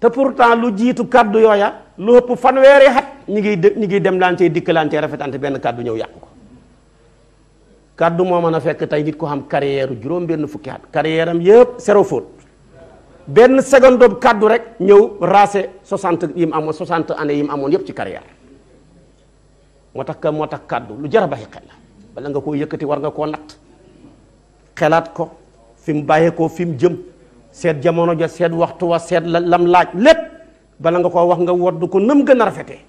te pourtant lu jiitu kàddu yooya lu ëpp fanweeri xat ñi ngi ñi ngi dem laantee dikkalantee rafetante benn kàddu ñëw yàqu ko kàddu moo mën a fekk tey nit ko xam carrière juróom benn fukki at carrière am yëpp zéro faute benn seconde kàddu rek ñëw raase soixante yi mu amoon soixante années yi amoon yëpp ci carrière moo tax ka moo tax kàddu lu jar a bàyyi xel la bala nga koo yëkkati war nga koo natt xelaat ko fi mu bàyyeekoo fi mu jëm seet jamono ja seet waxtu wa seet la lam laaj lépp bala nga koo wax nga wodd ko nëm gën a rafetee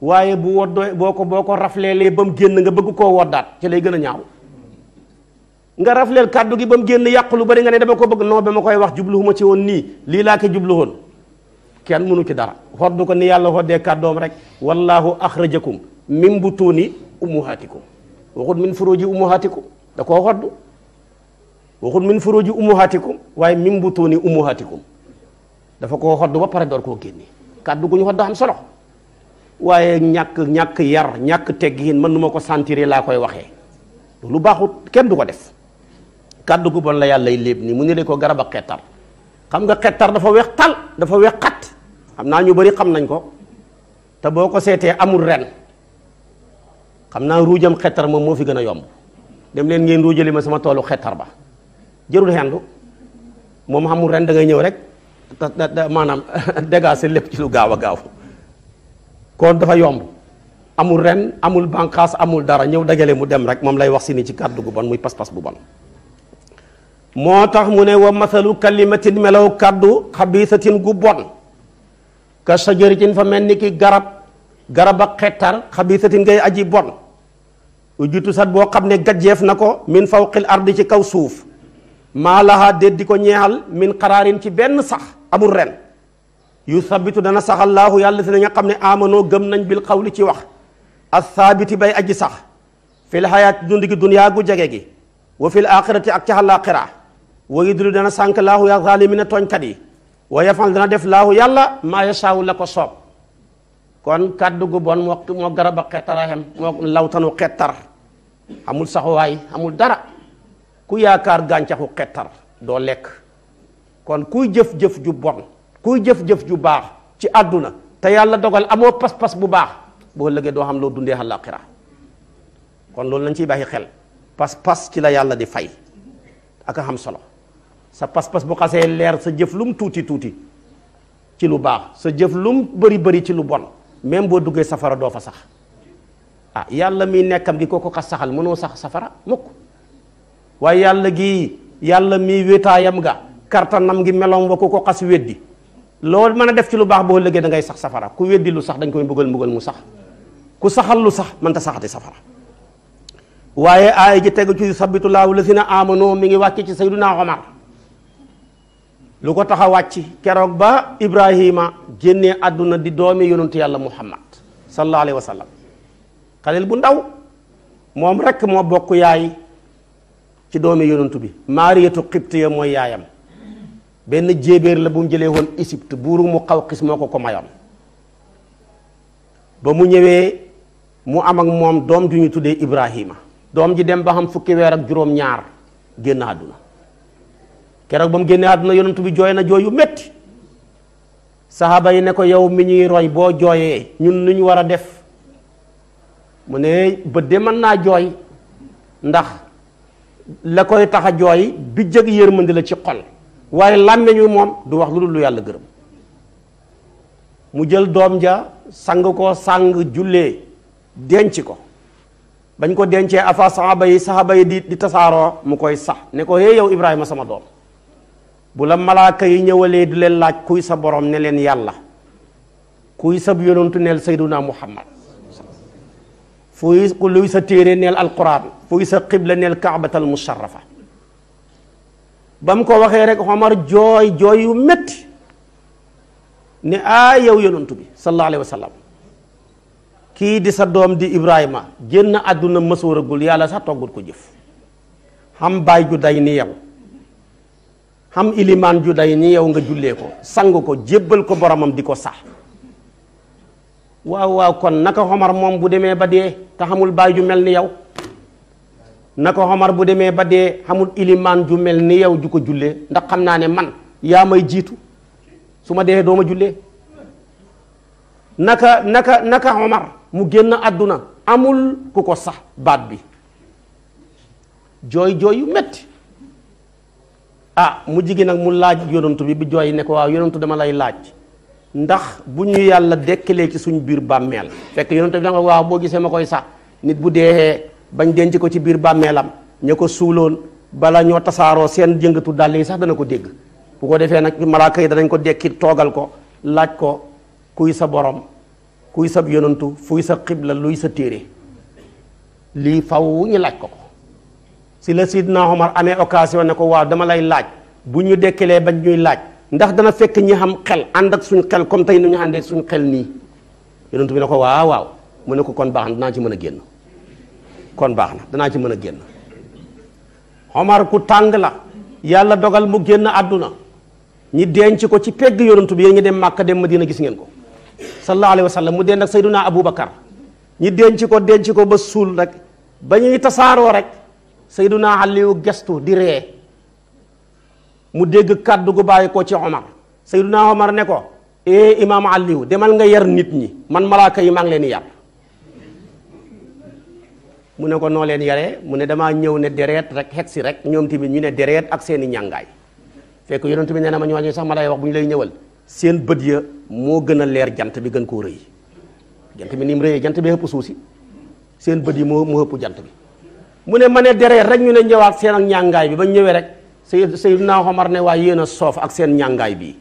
waaye bu woddoo boo ko boo ko rafleelee ba mu génn nga bëgg koo woddaat ci lay gën a ñaaw nga rafleel kàddu gi ba mu génn yàqu lu bari nga ne dama ko bëgg non ba ma koy wax jubluwuma ci woon nii lii laa ko jublu woon kenn mënu ci dara xodd ko ni yàlla xoddee kàddoom rek wallahu akhrajakum bu min butuuni ummuhaatikum waxut min furuuji ummuhaatikum da koo xoddu waxut min furuuji ummuhaatikum waaye min butuuni ummuhaatikum dafa ko xoddu ba pare door koo génne kàddu gu ñu xoddu am solo waaye ñàkk ñàkk yar ñàkk teggiin man nu ma ko sentir laa koy waxee lu baaxut kenn du ko def kàddu gu bon la yàlla lay léeb nii mu ne de ko garab xettar xam nga xettar dafa weex tal dafa weex xat xam naa ñu bari xam nañ ko te boo ko seetee amul ren xam naa ruujam xettar moom moo fi gën a yomb dem leen ngeen ruujali ma sama toolu xettar ba jërul xendu moom xamul ren da ngay ñëw rek maanaam <laughs> dégaase lépp ci lu gaaw a gaaw kon dafa yomb amul ren amul bànqaas amul dara ñëw dajale mu dem rek moom lay wax si ni ci kàddu gu bon muy pas-pas bu bon moo tax mu ne wa mathalu kalimatin melow kàddu xabiisatin gu bon ka sajaratin fa mel ni ki garab garab ak xettar xabiisatin ngay aji bon ujjutu sat boo xam ne gajjeef na ko min fawqil ardi ci kaw suuf maa lahaa déet di ko ñeexal min xaraarin ci benn sax amul ren yu sabitu dana saxal laahu yàlla si na nga xam ne amanoo gëm nañ bil xawli ci wax as saabiti bay aji sax fil xayaati dund gi dunyaa gu jege gi wa fil axirati ak ca àllaaxira wa yudlu dana sànk laahu ya zaalimina tooñkat yi wa yafal dana def laahu yàlla maa yasaawu la ko soob kon kàddu gu bon moo moo garab a xettara moo lawtanu xettar amul saxuwaay amul dara ku yaakaar gàncaxu xettar doo lekk kon kuy jëf-jëf ju bon kuy jëf-jëf ju baax ci àdduna te yàlla dogal amoo pas-pas bu baax boo lëggee doo xam loo dundee àllaaxira kon loolu lañ ciy bàyyi xel pas-pas ci la yàlla di fay ak xam solo sa pas-pas bu xasee leer sa jëf lum tuuti tuuti ci lu baax sa jëf lum bëri bëri ci lu bon même boo duggee safara doo fa sax ah yàlla mi nekkam gi ko xas saxal mënoo sax safara mukk waaye yàlla gi yàlla mi wétaayam ga kartanam gi meloom wa ku ko xas weddi loolu mën a def ci lu baax boo lëggee da ngay sax safara ku weddi lu sax dañ koy mbugal mbugal mu sax ku saxal lu sax mënta saxati safara waaye aaya ji tegu ci sabitulaahu lazina amano mi ngi wàcc ci sayduna Omar lu ko tax a wàcc keroog ba Ibrahima génnee àdduna di doomi yonentu yàlla Muhammad sallallahu alayhi wa sallam xaleel bu ndaw moom rek moo bokk yaay ci doomi yonentu bi Maariyatu Xibtiya mooy yaayam benn jéebéer la bu mu jëlee woon Égypte buuru mu Muqawqis moo ko ko mayoon ba mu ñëwee mu am ak moom doom ju ñu tuddee Ibrahima doom ji dem ba xam fukki weer ak juróom ñaar génn àdduna keroog ba mu génnee àdduna yonent bi jooy na jooy yu metti saxaaba yi ne ko yow mi ñuy roy boo jooyee ñun nu ñu war a def mu ne bët de mën naa jooy ndax la koy taxa jooy bi jëg yërmandi la ci xol waaye làmmeñu moom du wax lu dul lu yàlla gërëm mu jël doom ja sang ko sang jullee denc ko bañ ko dencee afa saxaaba yi saxaaba yi di di tasaaroo mu koy sax ne ko hey yow Ibrahima sama doom bu la malaaka yi ñëwalee du leen laaj kuy sa borom ne leen yàlla kuy sa yonantu neel sayduna muhammad fuy luy sa téere neel alquran fuy sa qibla neel kaabatal musharrafa ba mu ko waxee rek Omar jooy jooy yu métti ne a yow yonantu bi sallallahu alayhi wa kii di sa doom di Ibrahima jénn àdduna mësooragul yàlla sax toggul ko jëf xam baay ju day ni yow xam ilimaan ju day ni yow nga jullee ko sang ko jébbal ko boromam di ko sax waaw waaw kon naka xomar moom bu demee ba dee te xamul baay ju mel ni yow naka xomar bu demee ba dee xamul ilimaan ju mel ni yow ju ko jullee ndax xam naa ne man yaa may jiitu su ma dee doo ma jullee naka naka xomar mu génn àdduna amul ku ko sax baat bi jooy jooy yu metti ah mu jigéen nag mu laaj yonantu bi bi jooy ne ko waaw yonantu dama lay laaj ndax bu ñu yàlla dekkalee ci suñ biir bàmmeel fekk yonantu bi da nga waaw boo gisee ma koy sax nit bu dee bañ denc ko ci biir bàmmeelam ña ko suuloon balaa ñoo tasaaroo seen jëngatu dàll yi sax dana ko dégg bu ko defee nag malaaka yi danañ ko dekki toogal ko laaj ko kuy sa borom kuy sa yonantu fuy sa xibla luy sa téere lii faw ñu laaj ko si la Sidna Omar amee occasion ne ko waaw dama lay laaj bu ñu dekkelee bañ ñuy laaj ndax dana fekk ñi xam xel ànd suñ xel comme tey nu ñu àndee suñ xel nii yonent bi ne ko waaw waaw mu ne ko kon baax na danaa ci mën a génn kon baax na danaa ci mën a génn Omar ku tàng la yàlla dogal mu génn àdduna ñi denc ko ci pegg yonent bi yéen ngi dem Màkka dem Madina gis ngeen ko sallallahu alayhi wa sallam mu dend ak Sayyiduna Abubakar ñi denc ko denc ko ba suul rek ba ñuy tasaaroo rek Seyduna Aliyu gestu di ree mu dégg kàddu gu bàyyi ko ci Omar Seyduna Omar ne ko eh imaam Aliyu demal nga yar nit ñi man malaaka yi maa ngi leen yar mu ne ko noo leen yaree mu ne damaa ñëw ne dereet rek xet si rek ñoom tamit ñu ne dereet ak seeni ñàngaay fekk yonent bi nee na ma ñooñu sax ma lay wax bu ñu lay ñëwal seen bët ya moo gën a leer jant bi gën koo rëy jant bi ni mu rëyee jant bi ëpp suuf si seen bët yi moo moo ëpp jant bi mu ne ma ne deree rek ñu ne ñëwaat seen ak ñàngaay bi ba ñëwee rek Seydou Seydina Omar ne waa yéen a soof ak seen ñàngaay bii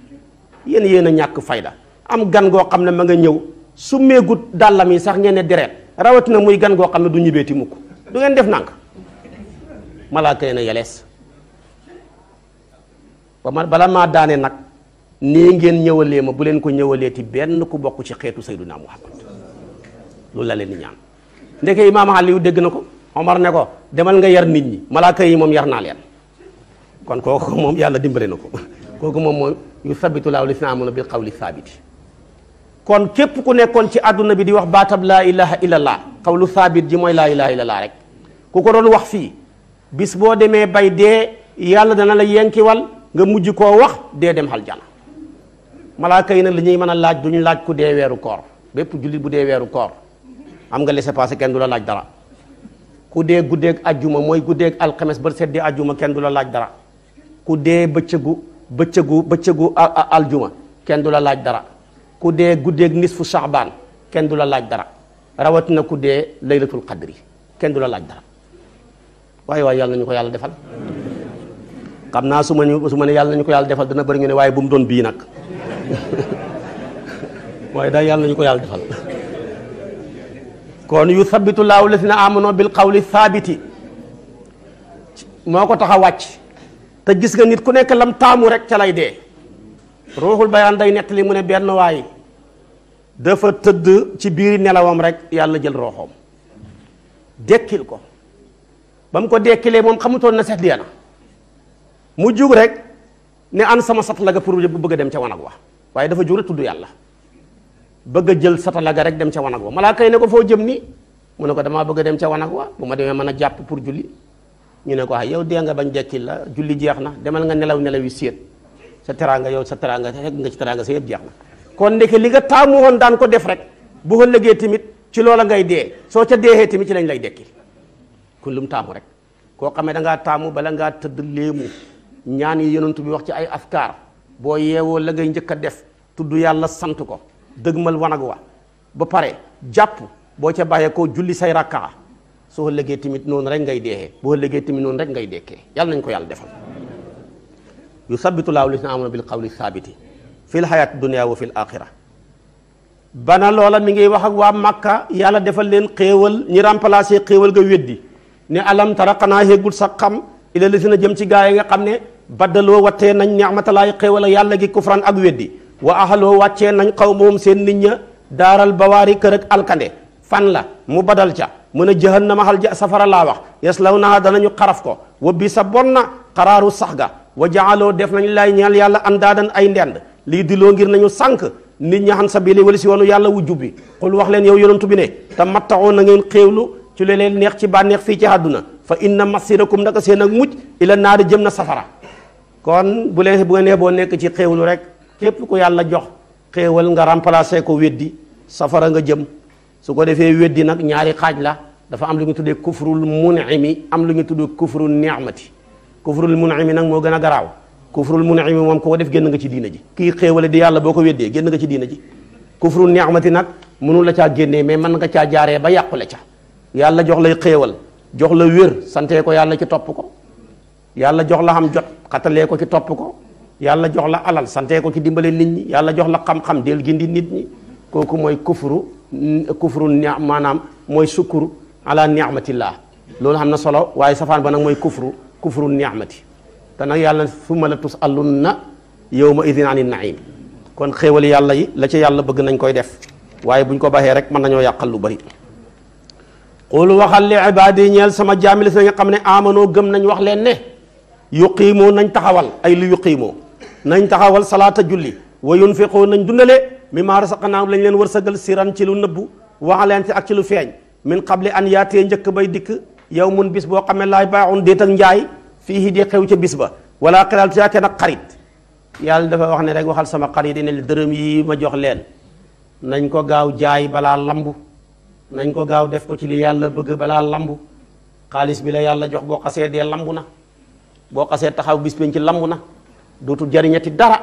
yéen yéen a ñàkk fayda am gan goo xam ne ma nga ñëw su meegut dàllam yi sax ngeen ne dereet rawatina muy gan goo xam ne du ñibbeeti mukk du ngeen def nànk malaaka yi ne yelees ba ma bala ma daane nag nii ngeen ñëwalee ma bu leen ko ti benn ku bokk ci xeetu Seydina Muhammad loolu la leen ñaan ndeke Imaam Aliou dégg na ko Omar ne ko demal nga yar nit ñi malaaka yi moom yar naa leen kon kooku <laughs> moom yàlla dimbale na ko <laughs> kooku moom mooy yu sabitu laahu lisina amuna bil qawli saabiti kon képp ku nekkoon ci àdduna bi di wax baatab laa ilaha illallah qawlu saabit ji mooy laa ilaha illallah rek ku ko doon wax fii bis boo demee bay dee yàlla dana la yenkiwal nga mujj koo wax dee dem xal jana malaaka yi nag li ñuy mën a laaj duñu laaj ku dee weeru koor bépp jullit bu dee weeru koor am nga laissez-passer kenn du la laaj dara ku dee guddeeg ajjuma mooy guddeeg alxames ba seddi ajjuma kenn du la laaj dara ku dee bëccëgu bëccëgu bëccëgu aljuma kenn du la laaj dara ku dee guddeeg nisfu shaaban kenn du la laaj dara rawatina ku dee laylatul qadri kenn du la laaj dara waaye waaye yàlla ñu ko yàlla defal xam naa su ma ñu su ma ne yàlla ñu ko yàlla defal dana bari ñu ne waaye bu mu doon bii nag <laughs> waaye daal yàlla nañu ko yàlla defal kon yu sabitu laahu lazina amanu bil qawli saabiti moo ko taxa a wàcc te gis nga nit ku nekk lam taamu rek ca lay dee ruuxul bayaan day nekk nettali mu ne benn waay dafa tëdd ci biir nelawam rek yàlla jël roxoom dekkil ko bam ko dekkilee moom xamutoon na set dee na mu jug rek ne an sama sat la ga pour bu bëgg dem ca wanag wa waaye dafa jug rek tudd yàlla bëgg a jël satala ga rek dem sa wanag wa malaaka yi ne ko foo jëm ni mun ne ko damaa bëgg dem ca wanag wa bu ma demee mën a jàpp pour julli ñu ne ko ah yow dee nga bañ dekkil la julli jeex na demal nga nelaw nelaw yi séet sa teraanga yow sa teraanga rek nga ci teraanga sa yëpp jeex na kon ndeke li nga taamu woon daan ko def rek bu ëllëgee tamit ci loola ngay dee soo ca deexee tamit ci lañ lay dekkil kon lu mu taamu rek koo xamee da ngaa taamu bala ngaa tëdd léemu ñaan yi yonent bi wax ci ay afkaar boo yeewoo la ngay njëkk a def tudd yàlla sant ko dëgmal wanag wa ba pare jàpp boo ca bàyyeekoo julli say rakkaa soo ëllëgee tamit noonu rek ngay deexee boo ëllëgee tamit noonu rek ngay dekkee yàlla nañ ko yàlla defal yusabbitu laahu llaziina aamanu bil qawli saabiti fil hayaati dunya wa fil aaxira bana loola mi ngi wax ak waa Makka yàlla defal leen xéewal ñi remplacé xéewal nga weddi ne alam tara xanaa xéegul sa xam ila a jëm ci gaa yi nga xam ne baddaloo wattee nañ ni'matallaahi xéewal yàlla gi kufran ak weddi waa ahaloo wàccee nañ xaw moom seen nit ña daaral bawaari kër ak alkande fan la mu badal ca mu ne ma xal ja safara laa wax law naa ñu xaraf ko wa bi sa bon na xaraaru sax ga wa jaaloo def nañ lay ñeel yàlla andaadan ay ndend lii di loo ngir nañu sànq nit ña xam sa bii biili wala si woonu yàlla wu jubbi xul wax leen yow yonantu bi ne te mattaxoo na ngeen xéewlu ci lu leen neex ci bànneex fii ci àdduna fa inna masirakum naka seen ak mujj ila naari jëm na safara kon bu leen bu ngeen neex boo nekk ci rek képp ko yàlla jox xéewal nga remplacé ko weddi safara nga jëm su ko defee weddi nag ñaari xaaj la dafa am lu ñu tuddee kufrul mun'imi am lu ñu tuddee kufrul ni'mati kufrul mun'imi nag moo gën a garaaw kufrul mun'imi moom ku ko def génn nga ci diina ji kii xéewale di yàlla boo ko weddee génn nga ci diina ji kufrul ni'mati nag mënul la caa génnee mais mën nga caa jaaree ba yàqule ca yàlla jox lay xéewal jox la wér santee ko yàlla ci topp ko yàlla jox la xam jot xatalee ko ci topp ko yàlla jox la alal sante ko ci dimbalee nit ñi yàlla jox la xam-xam del gindi nit ñi kooku mooy kufru kufru ne maanaam mooy sukkur ala ni'matillah loolu xam na solo waaye safaan ba nag mooy kufru kufru ni'mati te nag yàlla summa la tus'alunna yawma idin ani naim kon xéewal yàlla yi la ci yàlla bëgg nañ koy def waaye buñ ko baxee rek mën nañoo yàqal lu bari qul waxal li ñeel sama jaamil si nga xam ne amanoo gëm nañ wax leen ne yuqiimoo nañ taxawal ay lu yuqiimoo nañ taxawal salaata julli wa yunfiqoo nañ dundale mimmaa rasaqnaahum lañ leen war wërsëgal siran ci lu nëbbu waxaleente ak ci lu feeñ min qabli an yaatee njëkk bay dikk yow mun bis boo xamee laay baaxoon déet ak njaay fii dee xew ca bis ba wala xilal tu yaakee nag xarit yàlla dafa wax ne rek waxal sama xarit yi ne dërëm yi ma jox leen nañ ko gaaw jaay balaa lambu nañ ko gaaw def ko ci li yàlla bëgg balaa lambu xaalis bi la yàlla jox boo xasee lambu na boo xasee taxaw bis penc ci lambu na dootul jariñati dara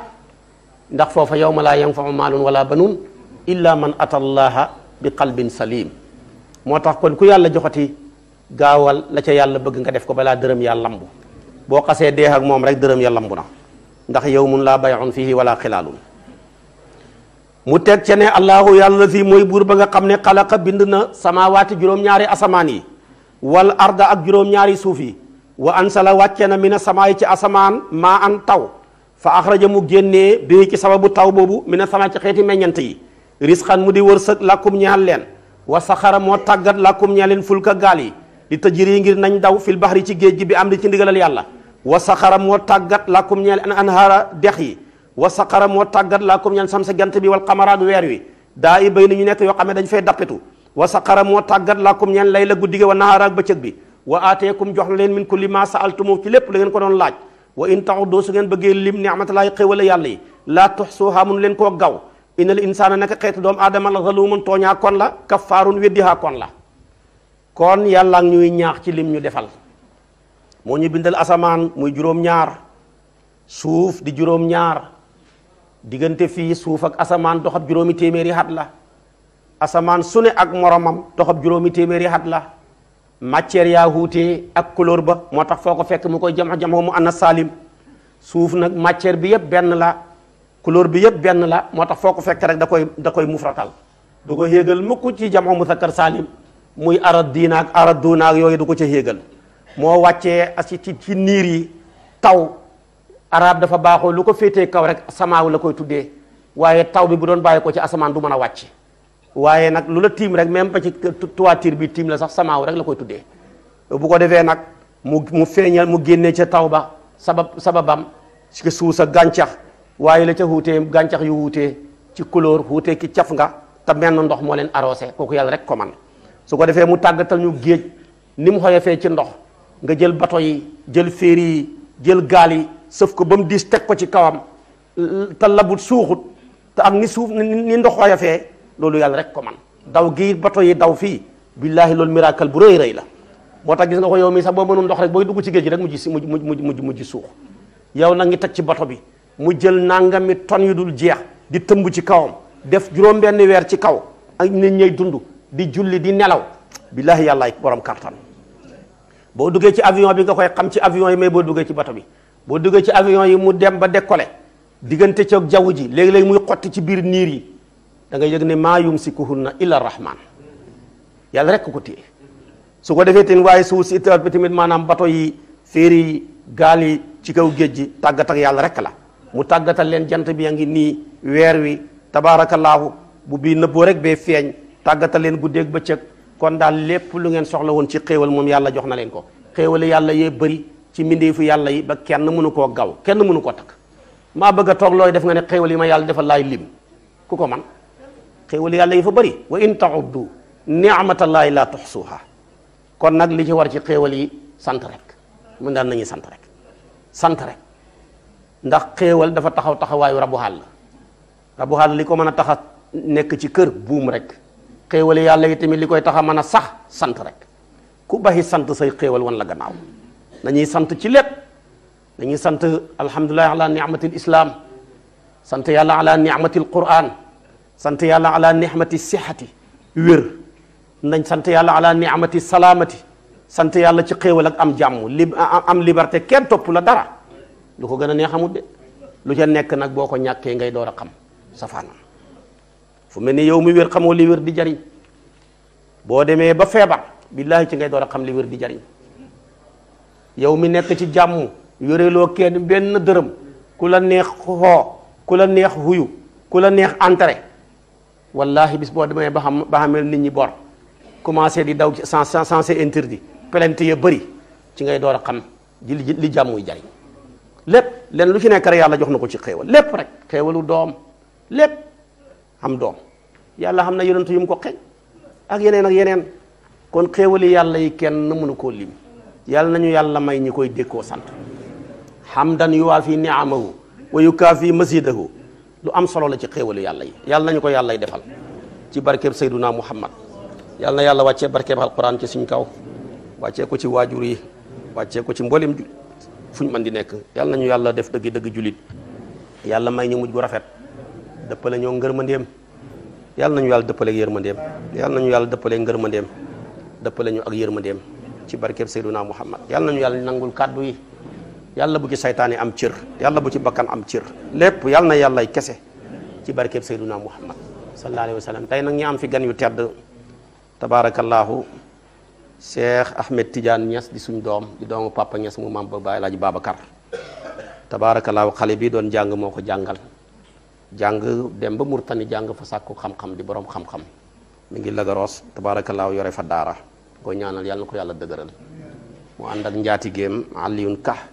ndax foofa yawma laa yanfau maalun wala banuun illa man ata allaha bi qalbin salim moo tax kon ku yàlla joxati gaawal la ca yàlla bëgg nga def ko balaa dërëm yaa lamb boo xasee dee ak moom rek dërëm ya lamb na ndax yawmun laa bay'un fihi wala xilaalun mu teg ca ne allahu yàlla fii mooy buur ba nga xam ne xalaqa bind na samaawaati juróom-ñaari asamaan yi wal arda ak juróom-ñaari suuf yi wa ansala wàcce na mi mina samaay ci asamaan maa an taw fa axraja mu génnee bii ci sababu taw boobu mina samaay ci xeeti meññant yi risqan mu di wërsëg làkkum ñaal leen wa saxara moo tàggat làkkum ñaal leen fulka gaal yi li tajri ngir nañ daw fil baxri ci géej gi bi am di ci ndigalal yàlla wa saxara moo tàggat làkkum ñaal an anhaara dex yi wa saxara moo tàggat làkkum ñaal sam sa jant bi wal xamara weer wi daa i bay ni ñu nekk yoo xam ne dañ fay dappetu wa saxara moo tàggat làkkum ñaal lay la guddi gi wa nahaara ak bi wa aateekum jox na leen min kulli maa saaltumu ci lépp la ngeen ko doon laaj wa in taxuddoo su ngeen bëggee lim ni'matallahi xéwale yàlla yi laa tuxsuha mun leen koo gaw innal insaana naka xeetu doomu aadama la zalumun tooñaa kon la kaffaarun weddihaa kon la kon yàlla ñuy ñaax ci lim ñu defal moo ñu bindal asamaan muy juróom-ñaar suuf di juróom-ñaar diggante fii suuf ak asamaan doxab juróomi téeméeri xat la asamaan su ne ak moromam doxab juróomi téeméeri xat la matière yaa wuute ak couleur ba moo tax foo ko fekk mu koy jama jama mu anna saalim suuf nag matière bi yëpp benn la couleur bi yëpp benn la moo tax foo ko fekk rek da koy da koy mufratal du ko yéegal mukk ci jama musakkar salim muy arad diinaak arad duunaak yooyu du ko ca yéegal moo wàccee ci ci niir yi taw arab dafa baaxoo lu ko féetee kaw rek samaaw la koy tuddee waaye taw bi bu doon bàyyi ko ci asamaan du mën a wàcc waaye nag lu la tiim rek même ba ci toiture bi tiim la sax samaaw rek la koy tuddee bu ko defee nag mu mu feeñal mu génnee ca taw ba sabab sababam ci suus ak gàncax waaye la ca wuutee gàncax yu wuutee ci couleur wuutee ki caf nga te menn ndox moo leen arrosé kooku yàlla rek ko su ko defee mu tàggatal ñu géej ni mu xoyofee ci ndox nga jël bato yi jël féeri yi jël gaal yi sëf ko ba mu diis teg ko ci kawam te labut suuxut te am ni suuf ni ndox xoyofee loolu yàlla rek ko man daw gi bato yi daw fii billaahi loolu miracle bu rëy rëy la moo tax gis nga ko yow mi sax boo mënoon ndox rek booy dugg ci géej gi rek mu ji mu mu mu mu ji suux yow nag ngi teg ci bato bi mu jël nangami ton yu dul jeex di tëmb ci kawam def juróom-benn weer ci kaw ak nit ñay dund di julli di nelaw billaahi yàllaay borom kartan boo duggee ci avion bi nga koy xam ci avion yi mais boo duggee ci bato bi boo duggee ci avion yi mu dem ba décoller diggante coog jaww ji léegi-léegi muy xotti ci biir niir yi dangay nga yëg ne maa na illa rahman yàlla rekk ko téye su ko defee tamit waaye suuf si taat bi tamit maanaam bato yi féeri yi gaal yi ci kaw géej gi tàggat yàlla rek la mu tàggatal leen jant bi yaa ngi nii weer wi tabaarakallaahu bu bii nëbboo rek bee feeñ tàggatal leen ba bëccëg kon daal lépp lu ngeen soxla woon ci xéewal moom yàlla jox na leen ko xéewale yàlla yee bëri ci mbindeefu yàlla yi ba kenn mënu koo gaw kenn mënu koo takk maa bëgg toog looy def nga ne xéewal yi ma yàlla defal laay lim ku ko man xéewal yàlla yi fa bëri wa in tauddu ni'matallaahi laa tuxsuha kon nag li ci war ci xéewal yi sant rek mun daan nañuy sant rek sant rek ndax xéewal dafa taxaw taxawaayu rabu xàll rabu xàll li ko mën a tax a nekk ci kër buum rek xéewal yàlla yi tamit li koy taxa a mën a sax sant rek ku baxi sant say xéewal wan la gannaaw nañuy sant ci lépp nañuy sant alhamdulilah ala ni'matil islam sant yàlla ala ni'matil quran sant yàlla ala mati sihati wér nañ sant yàlla ala nihmati salaamati sant yàlla ci xéewal ak am jàmm li am liberte kenn topp la dara lu ko gën a neex amut de lu ca nekk nag boo ko ñàkkee ngay door a xam safaanam fu mel ni yow mi wér xamoo li wér di jariñ boo demee ba feebar billaahi ci ngay door a xam li wér di jariñ yow mi nekk ci jàmm yoreeloo kenn benn dërëm ku la neex xoo ku la neex huyu ku la neex entrée wallahi bis boo demee ba xam ba xamel nit ñi boor commencé di daw sans sans interdit plainte ya bëri ci ngay door a xam ji li jàmm muy jariñ lépp leen lu ci nekk rek yàlla jox na ko ci xéewal lépp rek xéewalu doom lépp am doom yàlla xam na yonentu yu mu ko xeeñ ak yeneen ak yeneen kon xéewali yàlla yi kenn mënu koo lim yàlla nañu yàlla may ñi koy dékkoo sant hamdan yuwaafi ni'amahu wa yukaafi masidahu lu am solo la ci xéewalu yàlla yi yàlla nañu ko yàllay defal ci barkeeb sayduna muhammad yàlla na yàlla wàccee barkeeb alquran ci suñ kaw wàccee ko ci waajur yi wàccee ko ci mboolem ju fu ñu mën di nekk yàlla nañu yàlla def dëgg dëgg julit yàlla may ñu mujj gu rafet dëppale ñoo ngërmandeem yàlla na yàlla dëppale ak yërmandeem yàlla nañu yàlla dëppale ngërmandeem dëppale ñu ak yërmandeem ci barkeeb sayduna muhammad yàlla nañu yàlla nangul kàddu yi yàlla bu ci saytaane am cër yàlla bu ci bakkan am cër lépp yàlla na yàllay kese ci barkeeb sayduna muhammad sallallahu alayhi wa sallam tey nag ñu am fi gan yu tedd tabaarakallaahu cheikh ahmed tidiane ñes di suñ doom di doomu papa ñes mu maam ba bàyyi laaji babacar tabaarakallaahu xale bii doon jàng moo ko jàngal jàng dem ba murtani jàng fa sàkku xam-xam di borom xam-xam mi ngi lagaroos tabaarakallaahu yore fa daara ko ñaanal yàlla ko yàlla dëgëral mu ànd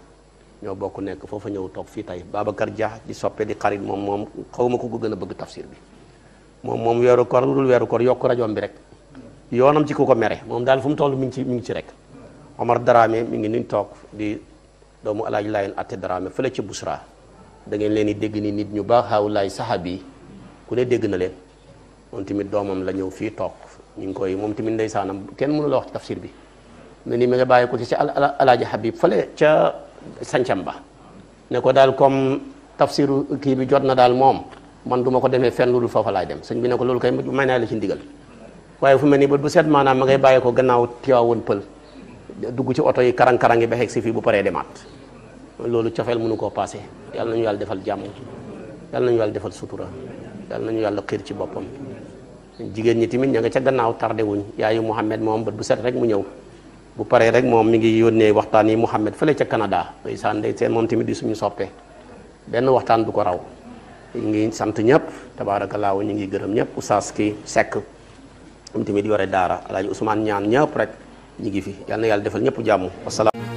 ñoo bokk nekk foofa ñëw toog fii tey Babacar Dia di soppe di xarit moom moom xaw ma ko ko gën a bëgg tafsir bi moom moom weeru koor lu weeru koor yokk rajoom bi rek yoonam ci ku ko mere moom daal fu mu toll mi ngi ci mi ngi ci rek Omar Dramé mi ngi toog di doomu alaaji laayen atte Dramé fële ci Busra da ngeen leen dégg ni nit ñu baax xaaw laay saxaab yi ku ne dégg na leen moom tamit doomam la ñëw fii toog ñu ngi koy moom tamit ndeysaanam kenn mënu la wax ci tafsir bi ne ni mi nga bàyyi sancam ba ne ko daal comme tafsiru kii bi jot na daal moom man du ma ko demee fen lu dul foofa laay dem sëñ bi ne ko loolu kay may naa la ci ndigal waaye fu mel nii bët bu set maanaam ma ngay bàyyi ko gannaaw Tiwaawoon pël dugg ci oto yi karang-karang yi ba xeg si fii bu paree demaat loolu cofeel mënu koo paase yàlla nañu yàlla defal jàmm yàlla nañu yàlla defal sutura yàlla nañu yàlla xiir ci boppam jigéen ñi tamit ña nga ca gannaaw tardé wuñ yaayu Muhammad moom bët bu set rek mu ñëw bu paree rek moom mi ngi yónnee waxtaan yi Mouhamed fële ca Canada ndeysaan ndeysaan moom tamit di suñu soppee benn waxtaan du ko raw ñu ngi sant ñëpp tabaarakallaahu ñu ngi gërëm ñëpp Oustaz ki sekk moom tamit yore daara Alaaji Ousmane ñaan ñëpp rek ñu ngi fi yal yàlla defal ñëpp jàmm wasalaam